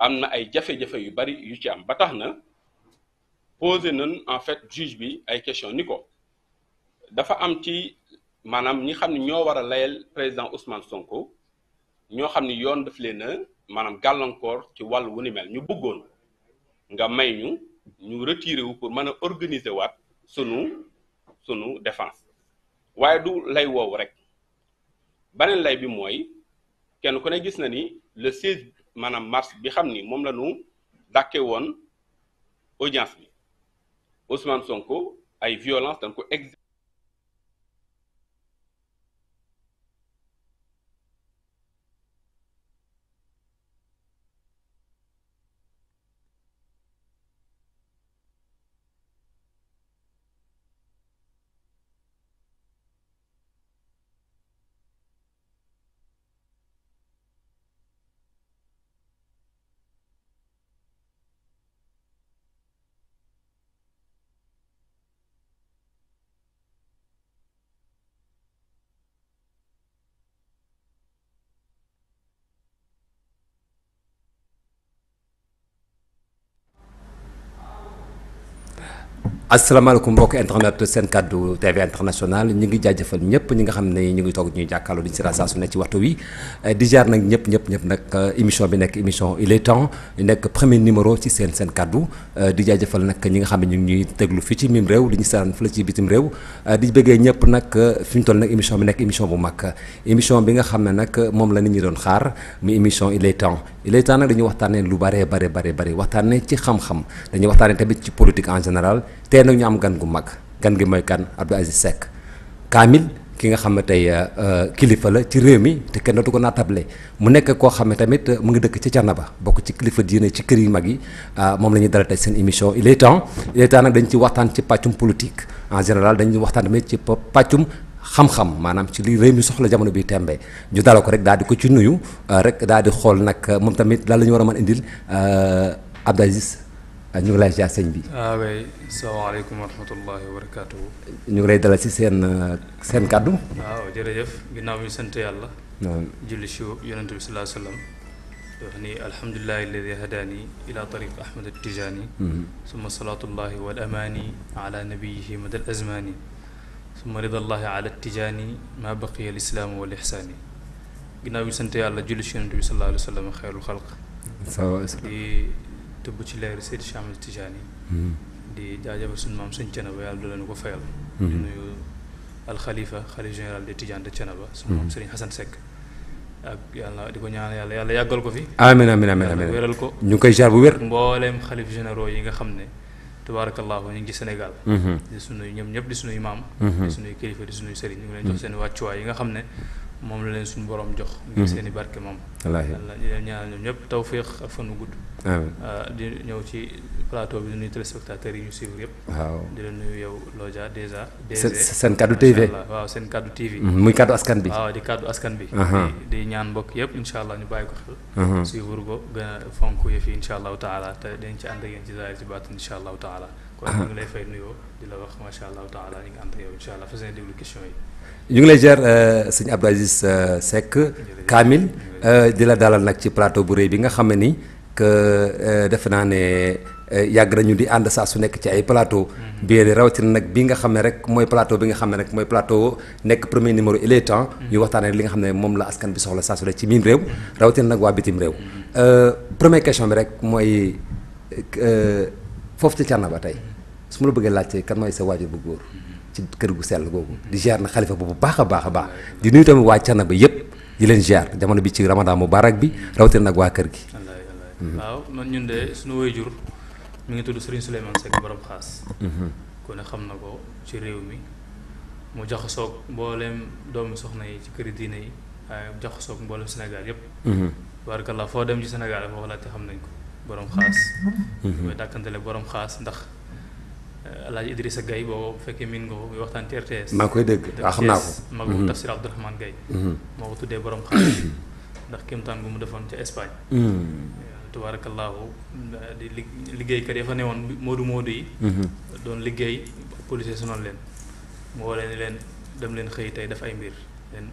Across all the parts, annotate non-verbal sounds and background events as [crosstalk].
am na ay jafe-jafe yu bari yu ci am na posé en fait juge bi ay question ni ko dafa am ci maanaam ñi xam ne président Ousmane Sonko ñoo xam yoon daf a ci mel ñu bëggoon pour organiser waat sunu sunu défense waaye du lay woowu rek beneen lay bi mooy kenn ku ne na ni le 16 maanaam mars bi xam ni moom la ñu dàkke woon audience bi Ousmane Sonko ay violence dañ ko ex asalaamaaleykum mbokk internet seen kaddu TV international ñu ngi jaajëfal ñëpp ñi nga xam ne ñu ngi toog ñuy jàkkaarloo di ñu si saa su ne ci waxtu wi eh, di jaar nag ñëpp ñëpp ñëpp nag eh, émission bi nekk émission il est temps nekk premier numéro ci seen seen kaddu eh, di jaajëfal nag ñi nga xam ne ñu ngi ñuy déglu fii ci mim réew di ñu seetaan fële ci bitim réew di bëggee ñëpp nag fi ñu toll émission bi nekk émission bu mag émission bi nga xam ne nag moom la nit ñi doon xaar muy émission il est temps il est temps nag dañuy lu bare bare bare bare waxtaanee ci xam-xam dañuy waxtaanee tamit ci politique en général tey nag ñu am gan gu mag gan gi mooy kan Abdou Aziz Seck kaamil ki nga xam ne tey euh, kilifa la ci réew mi te kenn du ko naatable mu nekk koo xam ne tamit euh, mu ngi dëkk ci ba bokk ci kilifa diine ci kër yu mag yi euh, moom la ñuy dalal tey seen émission il est temps il est temps nag dañ ci waxtaan ci pàccum politique en général dañuy waxtaan tamit ci pàccum xam-xam maanaam ci li réew mi soxla jamono bi tembe ñu dalal ko rek daal di ko ci nuyu rek daal di xool nag moom tamit lan la ñu war a mën indil Abdou Aziz ñu ngi lay ziar sëñ bi. ah oui salaamaaleykum wa rahmatullahi wa barakaatu. ñu ngi lay dalal ci seen seen kàddu. waaw jërëjëf ginnaaw bi sant yàlla. julli ci yonent bi salaa sallam. di wax ni alhamdulilahi alladi hadaani ila tariq Ahmad Tijaani. summa salaatullahi wal amaani ala nabiyihi madal azmaani. summa ridallahi ala Tijaani ma baqiya lislaamu wal ihsaani. ginnaaw bi sant yàlla julli ci yonent bi salaa sallam xeerul xalq. tëbb ci leer Seydi Chamal Tijaan yi di jaajëfal suñu maam sëñ Thiénaba yàlla dala ñu ko fayal hmm. di nuyu alxalifa xalif général de Tijaan de Thiénaba suñu hmm. maam sëriñ Xasan Seck ak yàlla di ko ñaan yàlla yàlla yàggal ko fi amiin amiin amiin amiin wéral ko ñu koy jaar bu wér mbooleem xalif généraux yi nga xam ne tabaarakallaahu ñu ngi ci Sénégal hmm. di sunuy ñoom ñëpp di sunuy maam di sunuy kilifa di sunuy sëriñ ñu ngi leen jox seen wàccuwaay yi nga xam ne moom la leen suñu borom jox. Mhm. ngir seen i barke moom. wallaahi di leen ñoom ñëpp tawféex ak fanu gudd. Ah, di ñëw ci plateau bi di nuyu téléspectateurs yi ñu suivre yëpp. waaw di la nuyu yow Lodja dèjà. seen seen kaddu TV waaw seen kaddu TV. Mhm, muy kaddu askan bi waaw di kaddu askan bi. di ñaan mbokk yëpp incha allah ñu bàyyi ko xel. Mhm. suivre ko gën a fonk yëf yi incha allahu taala te dañ ci ànd ak yéen ci zaahir ci baatin incha allahu taala. kon ñu lay fay nuyoo di la wax macha allahu taala ñu ngi ànd yi. ñu ngi lay ziar euh, sëñ Abdou Aziz euh, Seck Kamil euh, di la dalal nag ci plateau bu rëy bi nga xam ne ni que defe naa ne yàgg nañu di ànd saa su nekk ci ay plateau mm-hmm. biir rawatina nag bi nga xam ne rek mooy plateau bi nga xam ne rek mooy plateau nekk premier numéro il est temps ñu mm-hmm. waxtaanee li nga xam ne moom la askan bi soxla saa su nekk ci miin réew mm-hmm. rawatina nag waa bitim réew première question bi rek mooy foofu ca ba tey su ma la bëggee laajte kan mooy sa waajur bu góor ci kër gu sell googu di ziar na xalifa bu baax a baax a baax di nuyu tamit waa Canaba yëpp di leen ziar jamono bi ci ramadan mubarak bi rawatina nag waa kër gi. waaw man ñun de suñu waajur mu ngi tudd Serigne Souleymane Seck borom xaas. Mhm. ku ne xam na ko ci réew mi mu jaxasoog mbooleem doomu soxna yi ci këri diine yi waaye mu jaxasoog mbooleem Sénégal yëpp. Mhm. la foo dem ci Sénégal foofu laajte xam nañ ko borom xaas. Mhm. mooy dàkkantale borom xaas ndax. Euh, Alaaji Idrissa gay boo fekkee min nga muy waxtaan ci RTS. maa koy dégg ah xam naa ko magu mhm. Tafsir Abdourahmane Gaye mhm. moo tuddee borom xam mhm. ndax kéemtaan gu mu defoon ca Espagne. tabaarakallaahu di li liggéeykat ya fa newoon moodu moodu yi. doon liggéey policier sonoon leen. mu woo leen leen dem leen xëy tey def ay mbir leen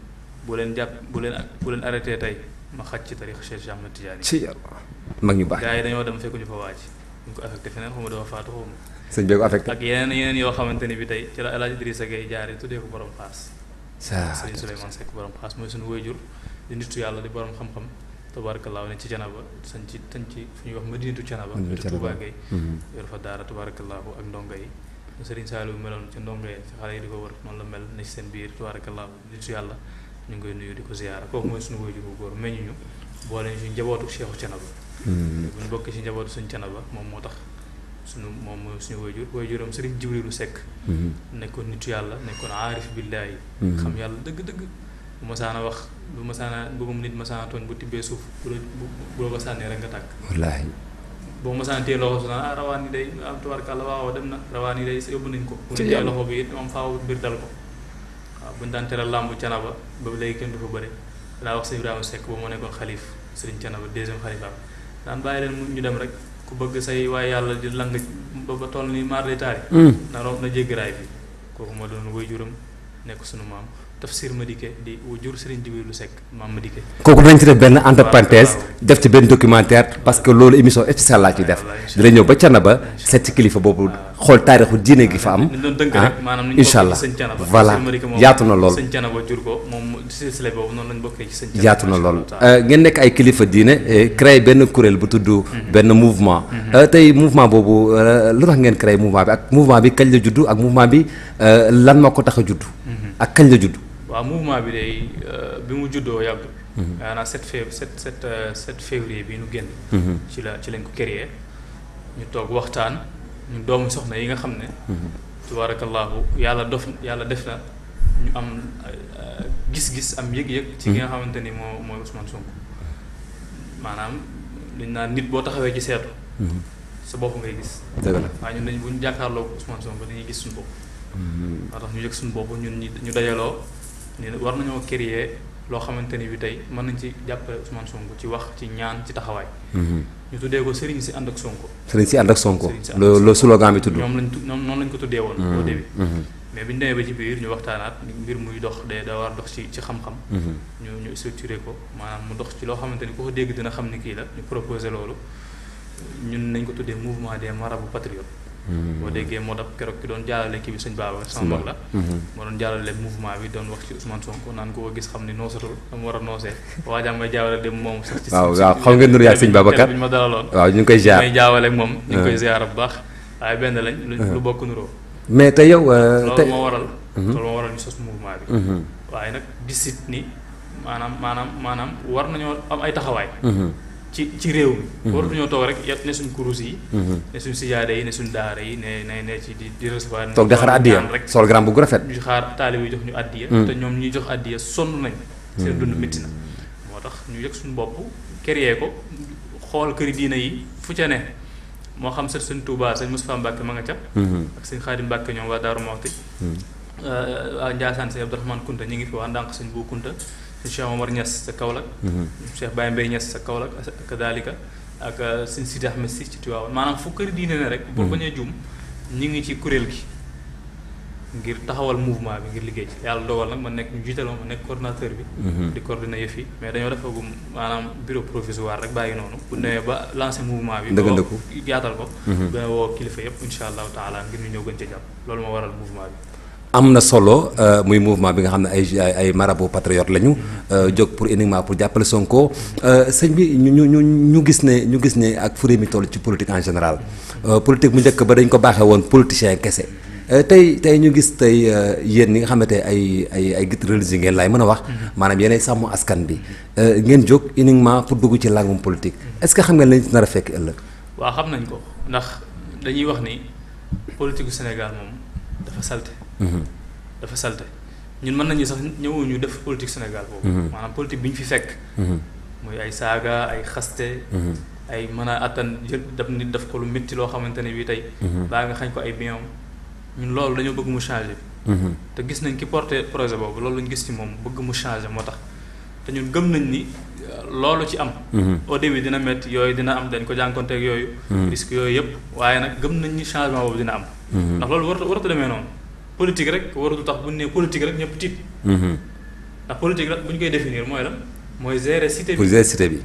leen jàpp bu leen bu leen arrêté tey ma xaj ci tariix Cheikh Ahmed Tidiane. ci yàlla mag ñu baax gars yi dañoo dem fekkuñu fa waaj. ñu ko affecté feneen xaw ma dafa yoo xamante ni bi tey ci la El Hadj Idrissa Gueye jaaree tuddee ko borom paas. saa sëñ di nittu yàlla di borom xam-xam tabaarakallaahu ci canaba sañ ci sañ ci fu ñuy wax madinatu canaba. madinatu Touba Gueye. Mhm. yor fa daara tabaarakallaahu ak ndongo yi. Serigne Saliou meloon ci ndongo yi ci xale yi di ko wër noonu la mel ne seen biir tabaarakallaahu nittu yàlla ñu ngi koy nuyu di ko ziyaara kooku mooy suñu wayjur bu góor meññu ñu boole ñu njabootu Cheikhu canaba bu ñu bokkee si njabootu suñ Canaba moom moo tax suñu moom suñu wayjur wayjuram Serigne Jibrilu Seck mm-hmm. nekkoon nitu yàlla nekkoon aarif billaahi mm-hmm. xam yàlla dëgg-dëgg bu masaana wax bu masaana bu moom nit masaana tooñ bu tibbee suuf bu bu ko sànnee rek nga tàkk wallaahi boo masaana téye loxo su naan ah, rawaan yi day am tubaarkàlla waaw dem na rawaan yi day yóbbu nañ ko bu ñu téye loxo bi it moom faaw mbir dal ko waaw bu ñu daan tere làmbu Canaba ba kenn du fa bëre daa wax sëñ Ibrahima Seck ba moo nekkoon xalif Serigne Canaba deuxième daan bàyyi leen mu ñu dem rek ku bëgg say waaye yàlla di lang ba ba toll ni maar de taari hmm. na rob na jéggiraay bi kooku ma doon woy juram nekk sunu maam tafsir Madické di jur Serigne Djibril Seck maam Madické. kooku dañ ci def benn entre parenthèse def ci benn documentaire parce que loolu émission spéciale laa ciy def. dina ñëw ba Thiénaba seet ci kilifa boobu xool taarixu diine gi fa am. Ah, incha allah voilà yaatu na lool. yaatu na lool euh, ngeen nekk ay kilifa diine créé benn kuréel bu tudd. Mhm. benn mouvement. Mhm. Euh, tey mouvement boobu euh, lu tax ngeen créé mouvement bi ak mouvement bi kañ la juddu ak mouvement bi lan moo ko tax a juddu. Mhm. ak kañ la juddu. wa mouvement bi day euh, bi mu juddoo yàggul maanaam mm-hmm. sept fév sept sept euh, sept février bi ñu génn mm-hmm. ci la ci lañ ko créé ñu toog waxtaan ñu doom soxna yi nga xam ne mm-hmm. tabarakallahu yàlla dof yàlla def na ñu am euh, gis-gis am yëg-yëg ci ki nga xamante ni moo mooy Ousmane Sonko maanaam dañ naan nit boo taxawee ci seetu sa bopp ngay gis waaye ñun dañ bu ñu jàkkaarloo Ousmane Sonko dañuy gis suñu bopp moo tax ñu yëg suñu bopp ñun ñu dajaloo nee na war nañoo créer loo xamante ni bi tey mën nañ ci jàppale Ousmane Sonko ci wax ci ñaan ci taxawaay. Mhm. ñu tuddee ko Serigne si ànd ak Sonko. Serigne si ànd ak sonk loolu loolu slogan bi tudd. ñoom lañ tu ñoom noonu lañ ko tuddee woon. au mhm. début. Mhm. mais bi ñu demee ba ci biir ñu waxtaanaat mbir muy dox de da dox ci ci xam-xam. ñu ñu structuré ko maanaam mu dox ci loo xamante ni ku ko dégg dina xam ne kii la ñu proposé loolu ñun nañ ko tuddee mouvement des marabouts patriotes. Hmm. boo déggee moo daf keroog ki doon jaalale kii bi sëñ Babacar sama mag la hmm. moo doon jaalale mouvement bi doon wax ci Ousmane Sonko naan ko ko gis xam ni noosatul dama war a noosee waajaam ngay jaawale dem moom sax ci waaw waaw moom ñu hmm. bu baax waaye benn lañ lu bokk nuroo mais te yow euh, loolu moo waral loolu moo waral ñu sos mouvement bi waaye nag gisit ni maanaam maanaam maanaam war nañoo am ay taxawaay ci ci réew mi mhm. waru ñoo toog rek yet ne suñ kurus yi mhm. ne suñ sijaade yi ne suñ daara yi ne ne ne ci di di recevoir toog di xaar addiya sol gram bu rafet ñu xaar talib yi jox ñu addiya mhm. te ñoom ñi jox addiya sonn nañ seen dund metti na moo tax ñu yëg suñ bopp créer ko xool këri diina yi fu ca ne moo xam sa sëñ Touba sëñ Moustapha Mbacke ma nga ca ak sëñ Khadim Mbacke ñoom waa Darou Mouhty euh Ndiassane sëñ Abdourahmane Kunta ñi ngi fi waa ndànk sëñ Bu Kunta Cheikh Omar Niass sa Kaolack. Mhm. Cheikh Baye Mbaye Niass sa Kaolack ak Dalika ak euh, sëñ Sidi Ahmed Si ci Tiwaawan maanaam fu kër diine ne rek. boo mhm. bañ a juum ñu ngi ci kuréel gi. ngir taxawal mouvement bi ngir liggéey ci yàlla dogal nag ma nekk ñu jiital ma nekk coordonnateur bi. Mhm. di coordonné yëf yi mais dañoo defagum maanaam bureau provisoire rek bàyyi noonu. bu demee ba lancé mouvement bi. dëgg ko yaatal ko. gën a woo kilifa yëpp incha allahu taala ngir ñu ñëw gën c jàpp loolu moo waral mouvement bi. am na solo euh, muy mouvement bi nga xam ne ay ay marabout patriote lañu euh, jóg pour uniquement pour jàppale Sonko euh, sëñ bi ñu ñu ñu gis ne ñu gis ne ak fu mi toll ci politique en général politique mu njëkk ba dañ ko baaxee woon politicien kese tey tey ñu gis tey yéen ñi nga xamante ay ay ay guides religieux ngeen laay mën a wax mm-hmm. maanaam yéenay sàmm askan bi ngeen jóg uniquement pour dugg ci làngum politique est-ce que xam nga lañ nar fekk ëllëg. waaw xam nañ ko ndax dañuy wax ni politique Mhm. dafa salte ñun mën nañu sax ñëwuñu def politique Sénégal boobu mhm. maanaam politique bi ñu fi fekk mhm. muy ay saaga ay xaste ay mën a attan jël daf nit daf ko lu métti loo xamante ne bii tey baa nga xañ ko ay biom ñun loolu dañoo bëgg mu changé te gis nañ ki porté projet boobu loolu lañ gis ci moom bëgg mu changé moo tax te ñun gëm nañ ni euh, loolu ci am au début dina metti yooyu dina am dañ ko jànkonteeg yooyu risque yooyu yëpp waaye nag gëm nañ ni changement boobu dina am ndax loolu politique rek warul tax bu ne nee politique rek ñëpp tiit. Mhm. ndax politique rek bu ñu koy définir mooy la mooy gérer cité bi.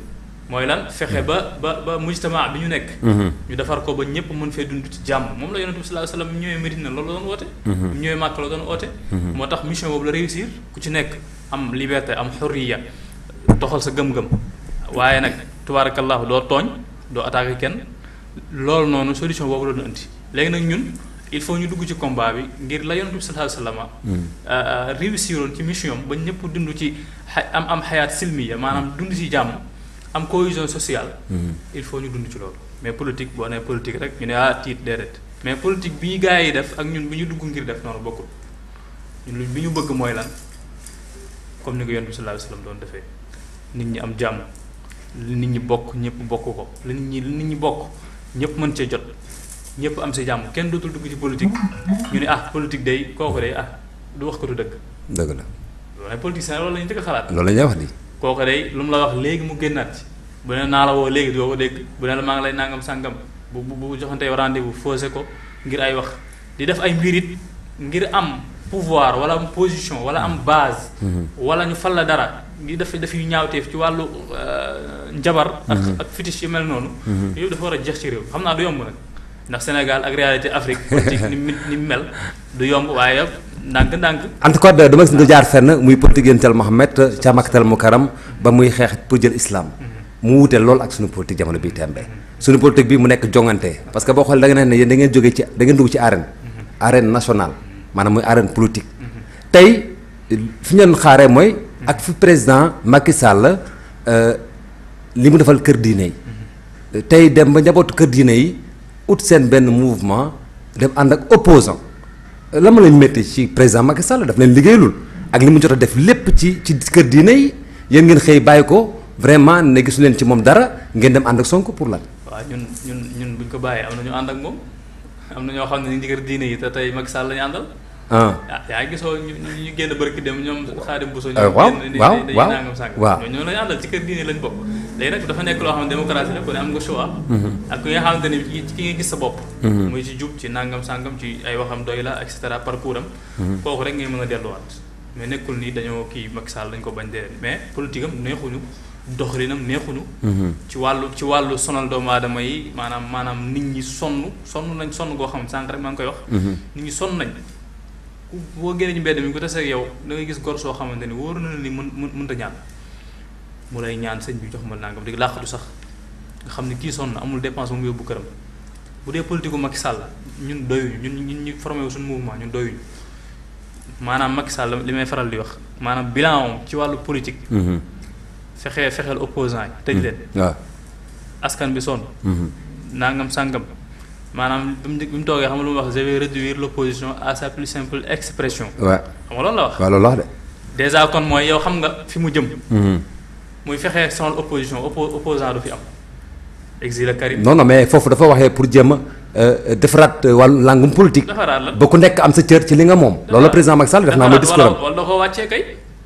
mooy lan fexe mhm. ba ba ba mujtama bi ñu nekk. Mhm. ñu defar ko ba ñëpp mën fee dund ci jàmm moom la yonent bi sallallahu alayhi wasallam ñëwee Medina loolu la doon oote. ñëwee Màkk la doon oote. moo tax mission boobu la réussir ku ci nekk am liberté am xurriya doxal sa gëm-gëm waaye nag tubaarakallahu doo tooñ doo attaqué kenn loolu noonu solution boobu la doon indi léegi nag ñun. il faut ñu dugg ci combat bi ngir la yonent bi sallallahu alayhi wasallam hmm. euh, euh, réussir woon ci mission ba ñëpp dund ci am am xayaat silmiya maanaam hmm. dund ci jàmm am cohésion social hmm. il faut ñu dund ci loolu mais politique boo nee politique rek ñu ne ah tiit déedéet mais politique bi ñu gars yi def ak ñun bi ñu dugg ngir def noonu bokkul ñun luñ bi ñu bëgg mooy lan comme ni ko yonent bi sallallahu doon defee nit ñi am jàmm li nit ñi bokk ñëpp bokk ko li nit ñi li nit ñi bokk ñëpp mën cee jot ñëpp am si jàmm kenn dootul dugg ci politique yu ne ah politique day kooku day ah du wax ko du dëgg. dëgg la loolu politicien loolu la ñu njëkk a xalaat. loolu la ñuy wax nii. lu mu la wax léegi mu génnaat bu ne naa la woo léegi doo ko dégg bu ne la maa ngi nangam sàngam bu bu bu joxante rendez-vous faussé ko ngir ay wax di def ay mbir ngir am pouvoir wala am position wala am base. Mhm. wala ñu fal la dara di def daf yu ñaawteef ci wàllu euh, njabar. ak mhm. ak fétiche yu mel noonu. Mhm. yooyu dafa war a jeex ci réew xam naa du yomb nag. ndax Sénégal ak réalité Afrique politique ni ni mel du yomb waye ndànk ndànk. en tout cas dama gis nga jaar fenn muy politique yentel mohammed ci Maktal Mukaram ba muy xex pour jël islam. Mhm. mu wuté lol ak suñu politique jamono bi tembe suñu politique bi mu nek jonganté parce que hal xol da nga ne da ngeen nasional, ci da ngeen politik. ci arène mhm. arène nationale manam muy arène politique mhm. tay fi ñen xaré moy ak fu président Macky Sall euh limu defal kër diiné tay dem ba kër diiné ut seen benn mouvement dem ànd ak opposant la ma leen ci président Macky Sall daf leen liggéeyalul ak li mu jot a def lépp ci ci kër diine yi yéen ngeen xëy bàyyi ko vraiment ne gisu leen ci moom dara ngeen dem ànd ak Sonko pour lan. waaw ñun ñun ñun buñ ko bàyyee am na ñu ànd ak moom am na ñoo xam ne ñu ngi kër diine yi te tey Macky Sall àndal. Ah. ah yaa gisoo ñu ñu génn barki dem ñoom xaadim Bousso ñoom eh, génn dañuy nangam sànq ñoo lañu àndal ci kër lañ bokk léegi nag dafa nekk loo xam ne démocratie la ko am nga choix mhm. ak ki nga xamante nga sa bopp mhm. muy ci jub ci nangam sàngam ci ay waxam doy la et cetera parcours am mhm. kooku rek ngay mën a delluwaat mais nekkul nii dañoo kii Macky Sall dañ ko bañ dee mais politique am neexuñu doxalinam neexuñu ci wàllu ci wàllu sonal doomu aadama yi maanaam maanaam nit ñi sonn sonn nañ sonn koo xam ne sànq rek maa ngi koy wax nit ñi sonn nañ boo génnee ñu mbedd mi ku taseeg yow da ngay gis gor soo xamante ni wóor na la ni mën mënta ñaan mu lay ñaan sëñ bi jox ma nangam di làqatu sax nga xam ne kii sonn amul dépense mu bu këram bu dee politique Macky Sall ñun doyuñu ñun ñun ñu formé wu suñu mouvement ñun doyuñu maanaam Macky Sall li may faral di wax maanaam bilan ci wàllu politique. Mm-hmm. fexe fexeel opposant yi tëj mm-hmm. leen. waaw askan bi sonn. Mm-hmm. nangam sàngam. maanaam bi je vais réduire l'opposition à sa plus simple expression. waaw xam nga loolu la wax. waaw loolu la de. dèjà kon yow xam nga mm-hmm. sans opposition opposant fi exilé Karim. non non mais foofu dafa waxee pour euh, defaraat euh, wàllu langue politique. defaraat la ba ku nekk am sa cër ci li nga moom. président discours kay.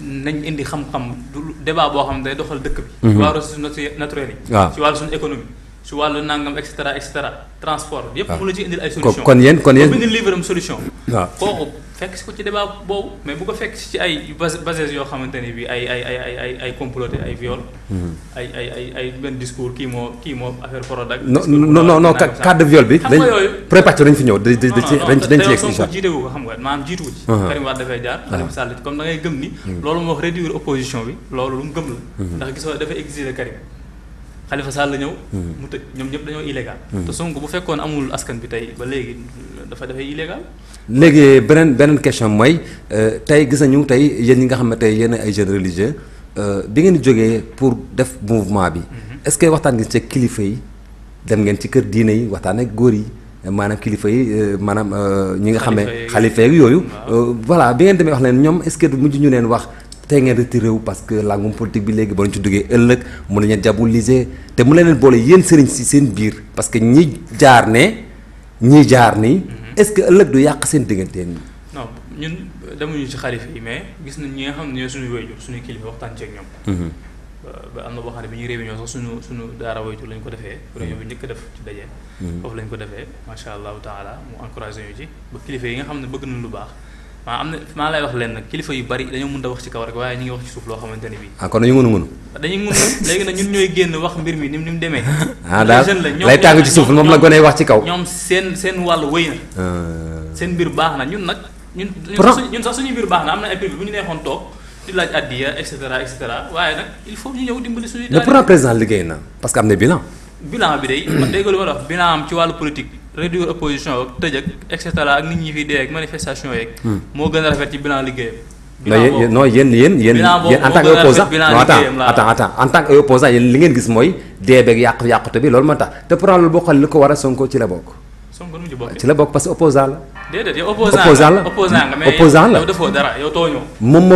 nañ indi xam-xam du débat boo xam ne day doxal dëkk bi. Mhm. ci waa ressources naturelles yi. waaw ah. ci wàllu suñu économie. ci wàllu nangam et cetera et cetera transport. waaw yëpp mu ah. la ci indil ay. solution kon kon yéen kon yéen. livre am solution. waaw ah. kooku. fekk si ko ci débat boobu mais bu ko ci ay bases yoo xamante bi ay ay ay ay ay ay viol. Mhm. ay ay ay ay discours kii moo kii moo affaire non non non cadre viol bi. xam nga yooyu ci ci Karim Sall comme da ngay gëm ni. Mm. réduire opposition Khalifa Sall ñëw. mu tëj ñoom ñëpp dañoo illégal. te Sonko bu fekkoon amul askan bi tey ba léegi dafa dafay illégal. léegi beneen beneen question mooy tey gis nañu tey yéen ñi nga xam ne tey yéen ay jeunes religieux bi ngeen jógee pour def mouvement bi. est ce que waxtaan ngeen ci kilifa yi dem ngeen ci kër diine yi waxtaan ak góor yi. maanaam kilifa yi maanaam ñi nga xam ne xalifa yeeg yooyu. voilà bi ngeen demee wax leen ñoom est ce que mujj ñu leen wax te ngeen retiré wu parce que langum politique bi léegi ba ñu ci duggee ëllëg mën nañu diaboliser te mu na leen boole yéen sëriñ si seen biir parce que ñi jaar ne ñi jaar ni mhm. est-ce que ëllëg du yàq seen diggante nii. non ñun demuñu ci xalifa yi mais gis nañ ñi nga xam ne ñooy suñu wéyjur suñu kilifa waxtaan ci ñoom. Mhm. ba am na boo xam ne bi ñuy réunion sax suñu suñu daara wayjur lañ ko defee. Mhm. réunion bi njëkk def ci daje. foofu lañ ko defee macha allahu taala mu encouragé ñu ba kilifa yi nga xam ne bëgg nañ lu baax waaw am na maa lay wax leen nag kilifa yu bari dañoo mën a wax ci kaw rek waaye ñu ngi wax ci suuf loo xamante ne ah, kon dañu mën a mën. dañu mën a léegi nag ñun ñooy génn wax mbir mi ni mu ni mu demee. [laughs] ah daal lay tàng ci suuf moom la gone wax ci kaw. ñoom seen seen wàll wëy na. Ah. seen mbir baax na ñun nag. ñun ñun sax suñu mbir baax na am na ay prix bu ñu neexoon toog di laaj addiya et cetera et cetera waaye nag il faut ñu ñëw dimbali suñu. mais pourtant président liggéey na parce que am bi day. man dégg nga am ci wàllu politique réduire opposition ak tëj ak et cetera ak nit ñi fi dee ak manifestation yeeg. Hmm. moo gën a rafet ci bilan liggéeyam. bilan non yéen yéen yéen yéen en tant que opposant non attends en tant que opposant yéen li ngeen gis mooy dee beeg yàqu yàqute bi la moom ma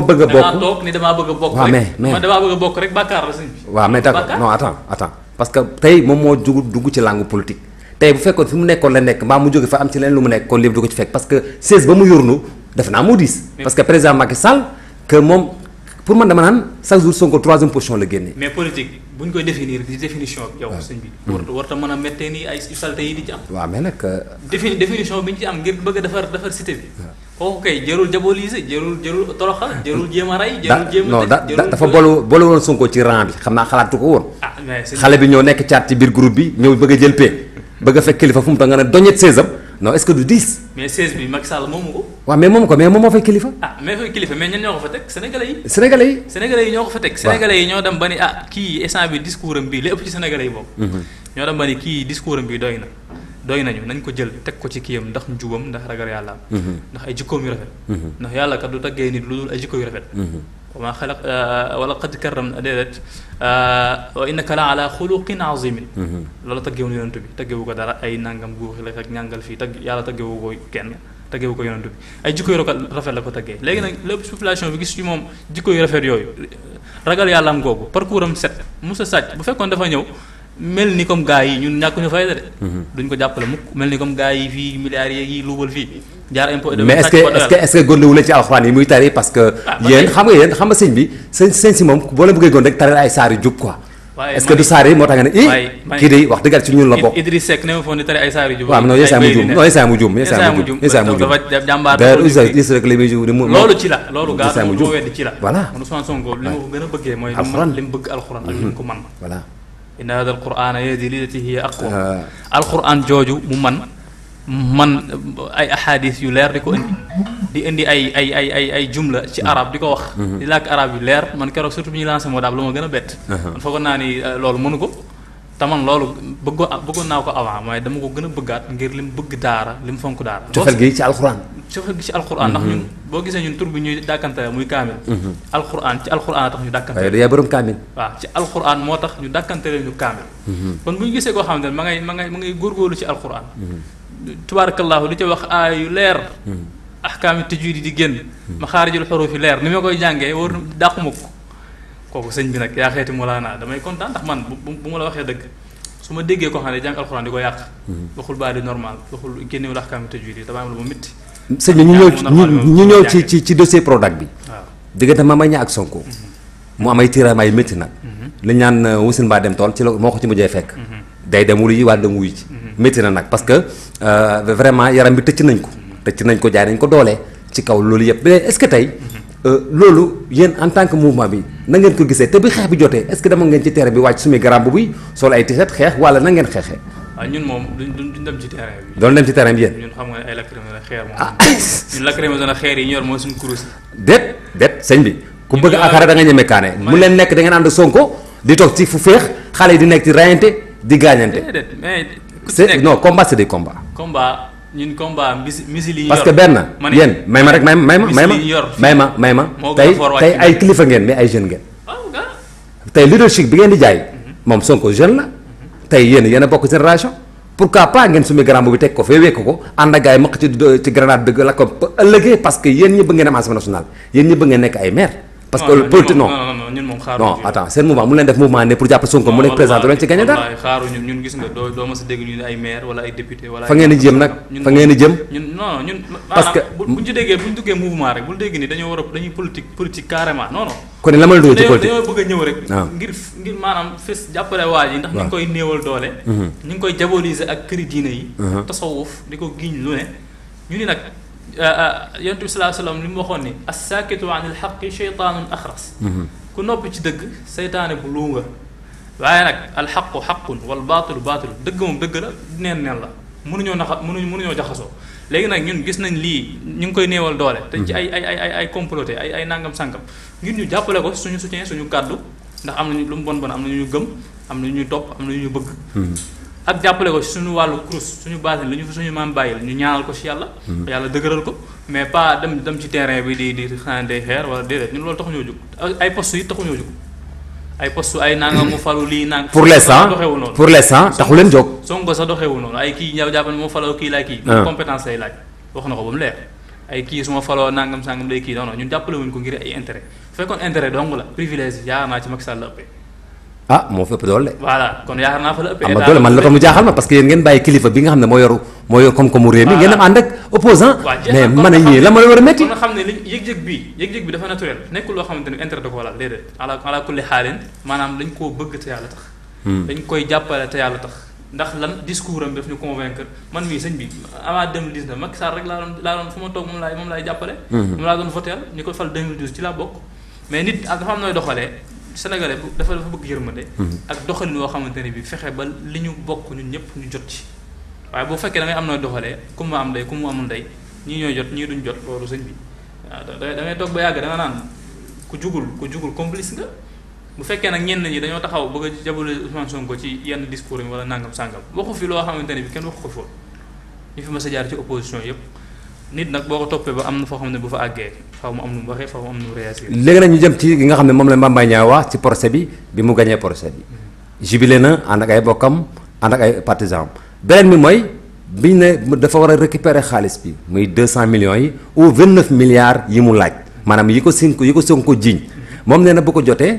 bëgg a bokk ni damaa bëgg a bokk. rek bàkkaar la sëñ bi. waaw mais d'accord non attends attends parce que tey moom moo dugg ci langue politique tay bu fekkoon fi mu nekkoon la nekk mbaa mu jóge fa am ci leneen lu mu nekk kon lépp du ko ci fekk parce que seize ba mu yurnu def naa moo diis parce que président Macky Sall que moom pour man dama naan chaque jour Sonko troisième position la génne. mais politique buñ koy définir di définition yow sëñ bi. war warut a mën a méttee nii ay saleté yi di ci am. waaw mais nag. Euh, défi définition biñ ci am ngir bëgg a defar defar cité bi. kooku kay jarul diaboliser jarul jarul toroxal jarul jéem a jarul jéem non dafa bolu boole woon Sonko ci rang bi xam naa xalaatu ko woon. ah xale bi ñoo nekk caat ci biir groupe bi ñëw bëgg a jël paie. bëgg a fekk kilifa fu mu toll nga ne doñet seize am non est-ce que du diis. mais seize bi Macky Sall moomu ko. waaw mais moom ko mais moom moo fay kilifa. ah mais fay kilifa mais ñan ñoo ko fa teg sénégalais yi. sénégalais yi. sénégalais yi ñoo dem ba ni ah kii instant bi discours am bii li ëpp ci sénégalais yi boobu. Mhm. ñoo dem ba ni kii discours am bii doy na doy nañu nañ ko jël teg ko ci kii am ndax njubam ndax ragal yàlla. Mhm. ndax ay jikkoom yu rafet. Mhm. ndax yàlla kat du taggee nit lu dul ay wama xalaq wala qad karram déedéet wa innaka la ala xuluqin azimin loolu taggewu yonent bi taggewu ko dara ay nangam guuxi la ak ñàngal fii tagg yàlla taggewu ko kenn taggewu ko yonent bi ay jikko yu rafet la ko taggee léegi nag lépp population bi gis ci moom jikko yu rafet yooyu ragal yàlla am googu parcours am set musa sàcc bu fekkoon dafa ñëw mel ni comme gars yi ñun ñàkk ñu fayda mhm. duñ ko jàppale mukk mel ni comme gars yi fii milliards yeeg yi luubal fii. jaar mais est-ce que est-ce que na ci alxuraan yi muy tari parce ah, que. xam nga yéen xam nga sëñ bi sëñ sëñ si moom boo la bëggee góor tari ay saar jub quoi. est du saar moo tax nga ne i kii de wax dëggal ci ñun la bokk Idriss Seck ne ma mu juum non yeesaa mu juum yeesaa mu mu juum dafa jàmbaar mu juum weddi ci li a mu bëgg alxuraan ak li ko man voilà inna hada alqurana yahdi ak hiya aqwa alquran jooju mu man man ay ahadis yu leer di ko indi di indi ay ay ay ay ay jumla ci arab di ko wax mhm. di làkk arab yu leer man keroog surtout bi ñuy lancé moo daab lu ma gën a bett man foogoon naa ni euh, loolu mënu ko te man loolu bëggoon ah, bëggoon naa ko avant waaye dama ko gën a bëggaat ngir lim bëgg daara lim fonk daara. cofeel gi ci alxuraan. cofeel gi ci alxuraan ndax ñun mhm. boo gisee ñun tur bi ñuy dàkkanteel muy kaamil. Mhm. alxuraan ci alxuraan tax ñu dàkkanteel. waaye yaa kaamil. Mhm. kon bu gisee koo xam ne ma ngay ma ngay ma ngay ci alxuraan. tubaarakallaahu li ca wax aay yu leer. ahkaami tajwiid di génn. ma xaarijul xuruuf yi leer ni ma koy jàngee war dàquma ko kooku sëñ bi nag yaa xeeti Mawlana damay kontaan ndax man bu bu ma la waxee dëgg su ma déggee koo xam ne jàng alxuraan di ko yàq. Mhm. waxul yi wàllu mhm. mhm. euh, dem wuyu ci. na nag parce que euh, yaram bi tëcc nañ ko. tëcc nañ ko jaay nañ ko doole ci kaw loolu yëpp mais Euh, loolu yéen en tant que mouvement bi na ko gisee te bi xeex bi jotee est-ce ngeen ci terrain bi wàcc sumi garam bu buy ay tiset xeex wala na ngeen xeexee. waaw ah, ñun moom duñ duñ dem ci terrain bi. doon dem ci terrain bi yéen. ñun xam nga ay lacrymogène xeer moom. ah ñun lacrymogène ak xeer yi ñor mooy suñu kurus. déet déet sëñ bi. ku bëgg akaara da nga ñeme kaane. mu leen nekk da ngeen ànd sonko di toog ci fu féex xale yi di nekk ci rayante di gaañante. déedéet mais ku ci nekk non combat c'est des combat. ñun combat missile yi parce que benn yéen may ma rek may ma may ma may ma may ma tey tey ay kilifa ngeen mais ay jeune ngeen ah, tey leadership bi ngeen di jaay mhm. moom Sonko jeune la tey yéen yéen a bokk génération pourquoi pas ngeen sumi grand boobu teg ko fee wekk ko ànd ak gars yi maq ci ci grenade dëgg la ko ëllëgee parce que yéen ñi bëgg ngeen am assemblée nationale yéen ñi ngeen nekk ay maire parce que politique non non non ñun moom xaaruñu non attends seen mouvement mu leen def mouvement ne pour jàppale Sonko mu nekk président du ci gagné xaaru ñun gis nga doo ma sa dégg ñu ne ay maire wala ay député wala fa ngeen di jëm nag fa ngeen di jëm ñun ñun parce que buñ ci déggee buñ duggee mouvement rek buñ dégg ni dañoo war a dañuy politique politique carrément non non kon la ma la dugal ci politique dañoo bëgg a jàppale waa ji ndax ñu ngi koy néewal doole ñu ngi koy diaboliser ak këri diine yi tasawuf di ko giñ lu ne ñu ni nag yonent bi salaa salaam li mu waxoon ni as saakitu an il xaqi cheytaanun axras ku noppi ci dëgg seytaane bu luu nga waaye nag al xaqu xaqun wal baatilu baatilu dëgg moom dëgg la neen neen la mënuñoo naxa mënuñ mënuñoo jaxasoo léegi nag ñun gis nañ lii ñu ngi koy néewal doole te ci ay ay ay ay comploté ay ay nangam sànkam ngir ñu jàppale ko suñu soutien suñu kàddu ndax am nañu lu mu bon bon am nañu ñu gëm am nañu ñu topp am nañu ñu bëgg ak jàppale ko suñu wàllu crous suñu base la ñu fa suñu maam bàyyi la ñu ñaanal ko si yàlla mm-hmm. yàlla dëgëral ko mais pas dem dem ci terrain bi di di xanaa day xeer wala déedéet ñun loolu taxu ñoo jóg ay poste yi taxu ñoo jóg ay post ay nanga mu falu lii nanga pour l'instant doxewu noonu pour l'instant taxu leen jóg Sonko sax doxewu noonu ay kii ñaw jàppale moo faloo kii laay kii ah. compétence lay laaj wax na ko ba mu leer ay kii su ma faloo nangam sangam lay kii non non ñun jàppale wuñ ko ngir ay intérêt fekkoon intérêt dong la privilège yaa naa ci Macky ah moo fa ëpp doole. voilà kon yaakaar naa fa la ëpp. état am doole man la tax mu jaaxal ma parce que ngeen bàyyi kilifa bi nga xam ne moo yoru moo yor koom-koomu réew mi. ngeen am ànd ak la ma ko bëgg te yàlla tax. Hmm. dañ koy jàppale te yàlla tax. ndax lan discours am daf ñu convaincre man mii sëñ bi avant 2019 ma toog moom laay moom laay jàppale. Hmm. moom laa doon voté ñu ko fal 2012 ci laa bokk mais nit dafa am nooy doxalee Sénégalais dafa dafa bëgg de hmm. ak doxalin woo xamante ne bi fexe ba li ñu bokk ñun ñëpp ñu jot ci waaye boo fekkee da ngay am na doxalee ku mu am ndey ku mu ñii ñooy jot ñii duñ jot loolu sëñ bi waaw da da toog ba yàgg da naan ku jugul ku jugul complice nga. bu fekkee nag ñenn ñi dañoo taxaw bëgg a jàppale ko ci yenn discours yi wala nangam sàngam waxu fi loo xamante ne bi kenn waxu ko foon ñu fi ma a jaar ci opposition yëpp nit nag boo toppee ba am na foo xam ne bu fa àggee. faaw mu am nu mu waxee faaw mu am léegi nag jëm ci nga xam ne moom la Mame Mbaye Niang wax ci procès bi bi mu gagné procès bi. Mm-hmm. jubilé na ànd ak ay bokkam ànd ak ay partisans beneen bi mooy biñ ne dafa war a récupérer xaalis bi muy 200 millions yi ou 29 milliards yi mu laaj maanaam yi ko Sonko yi ko Sonko jiiñ mm-hmm. moom nee bu ko jotee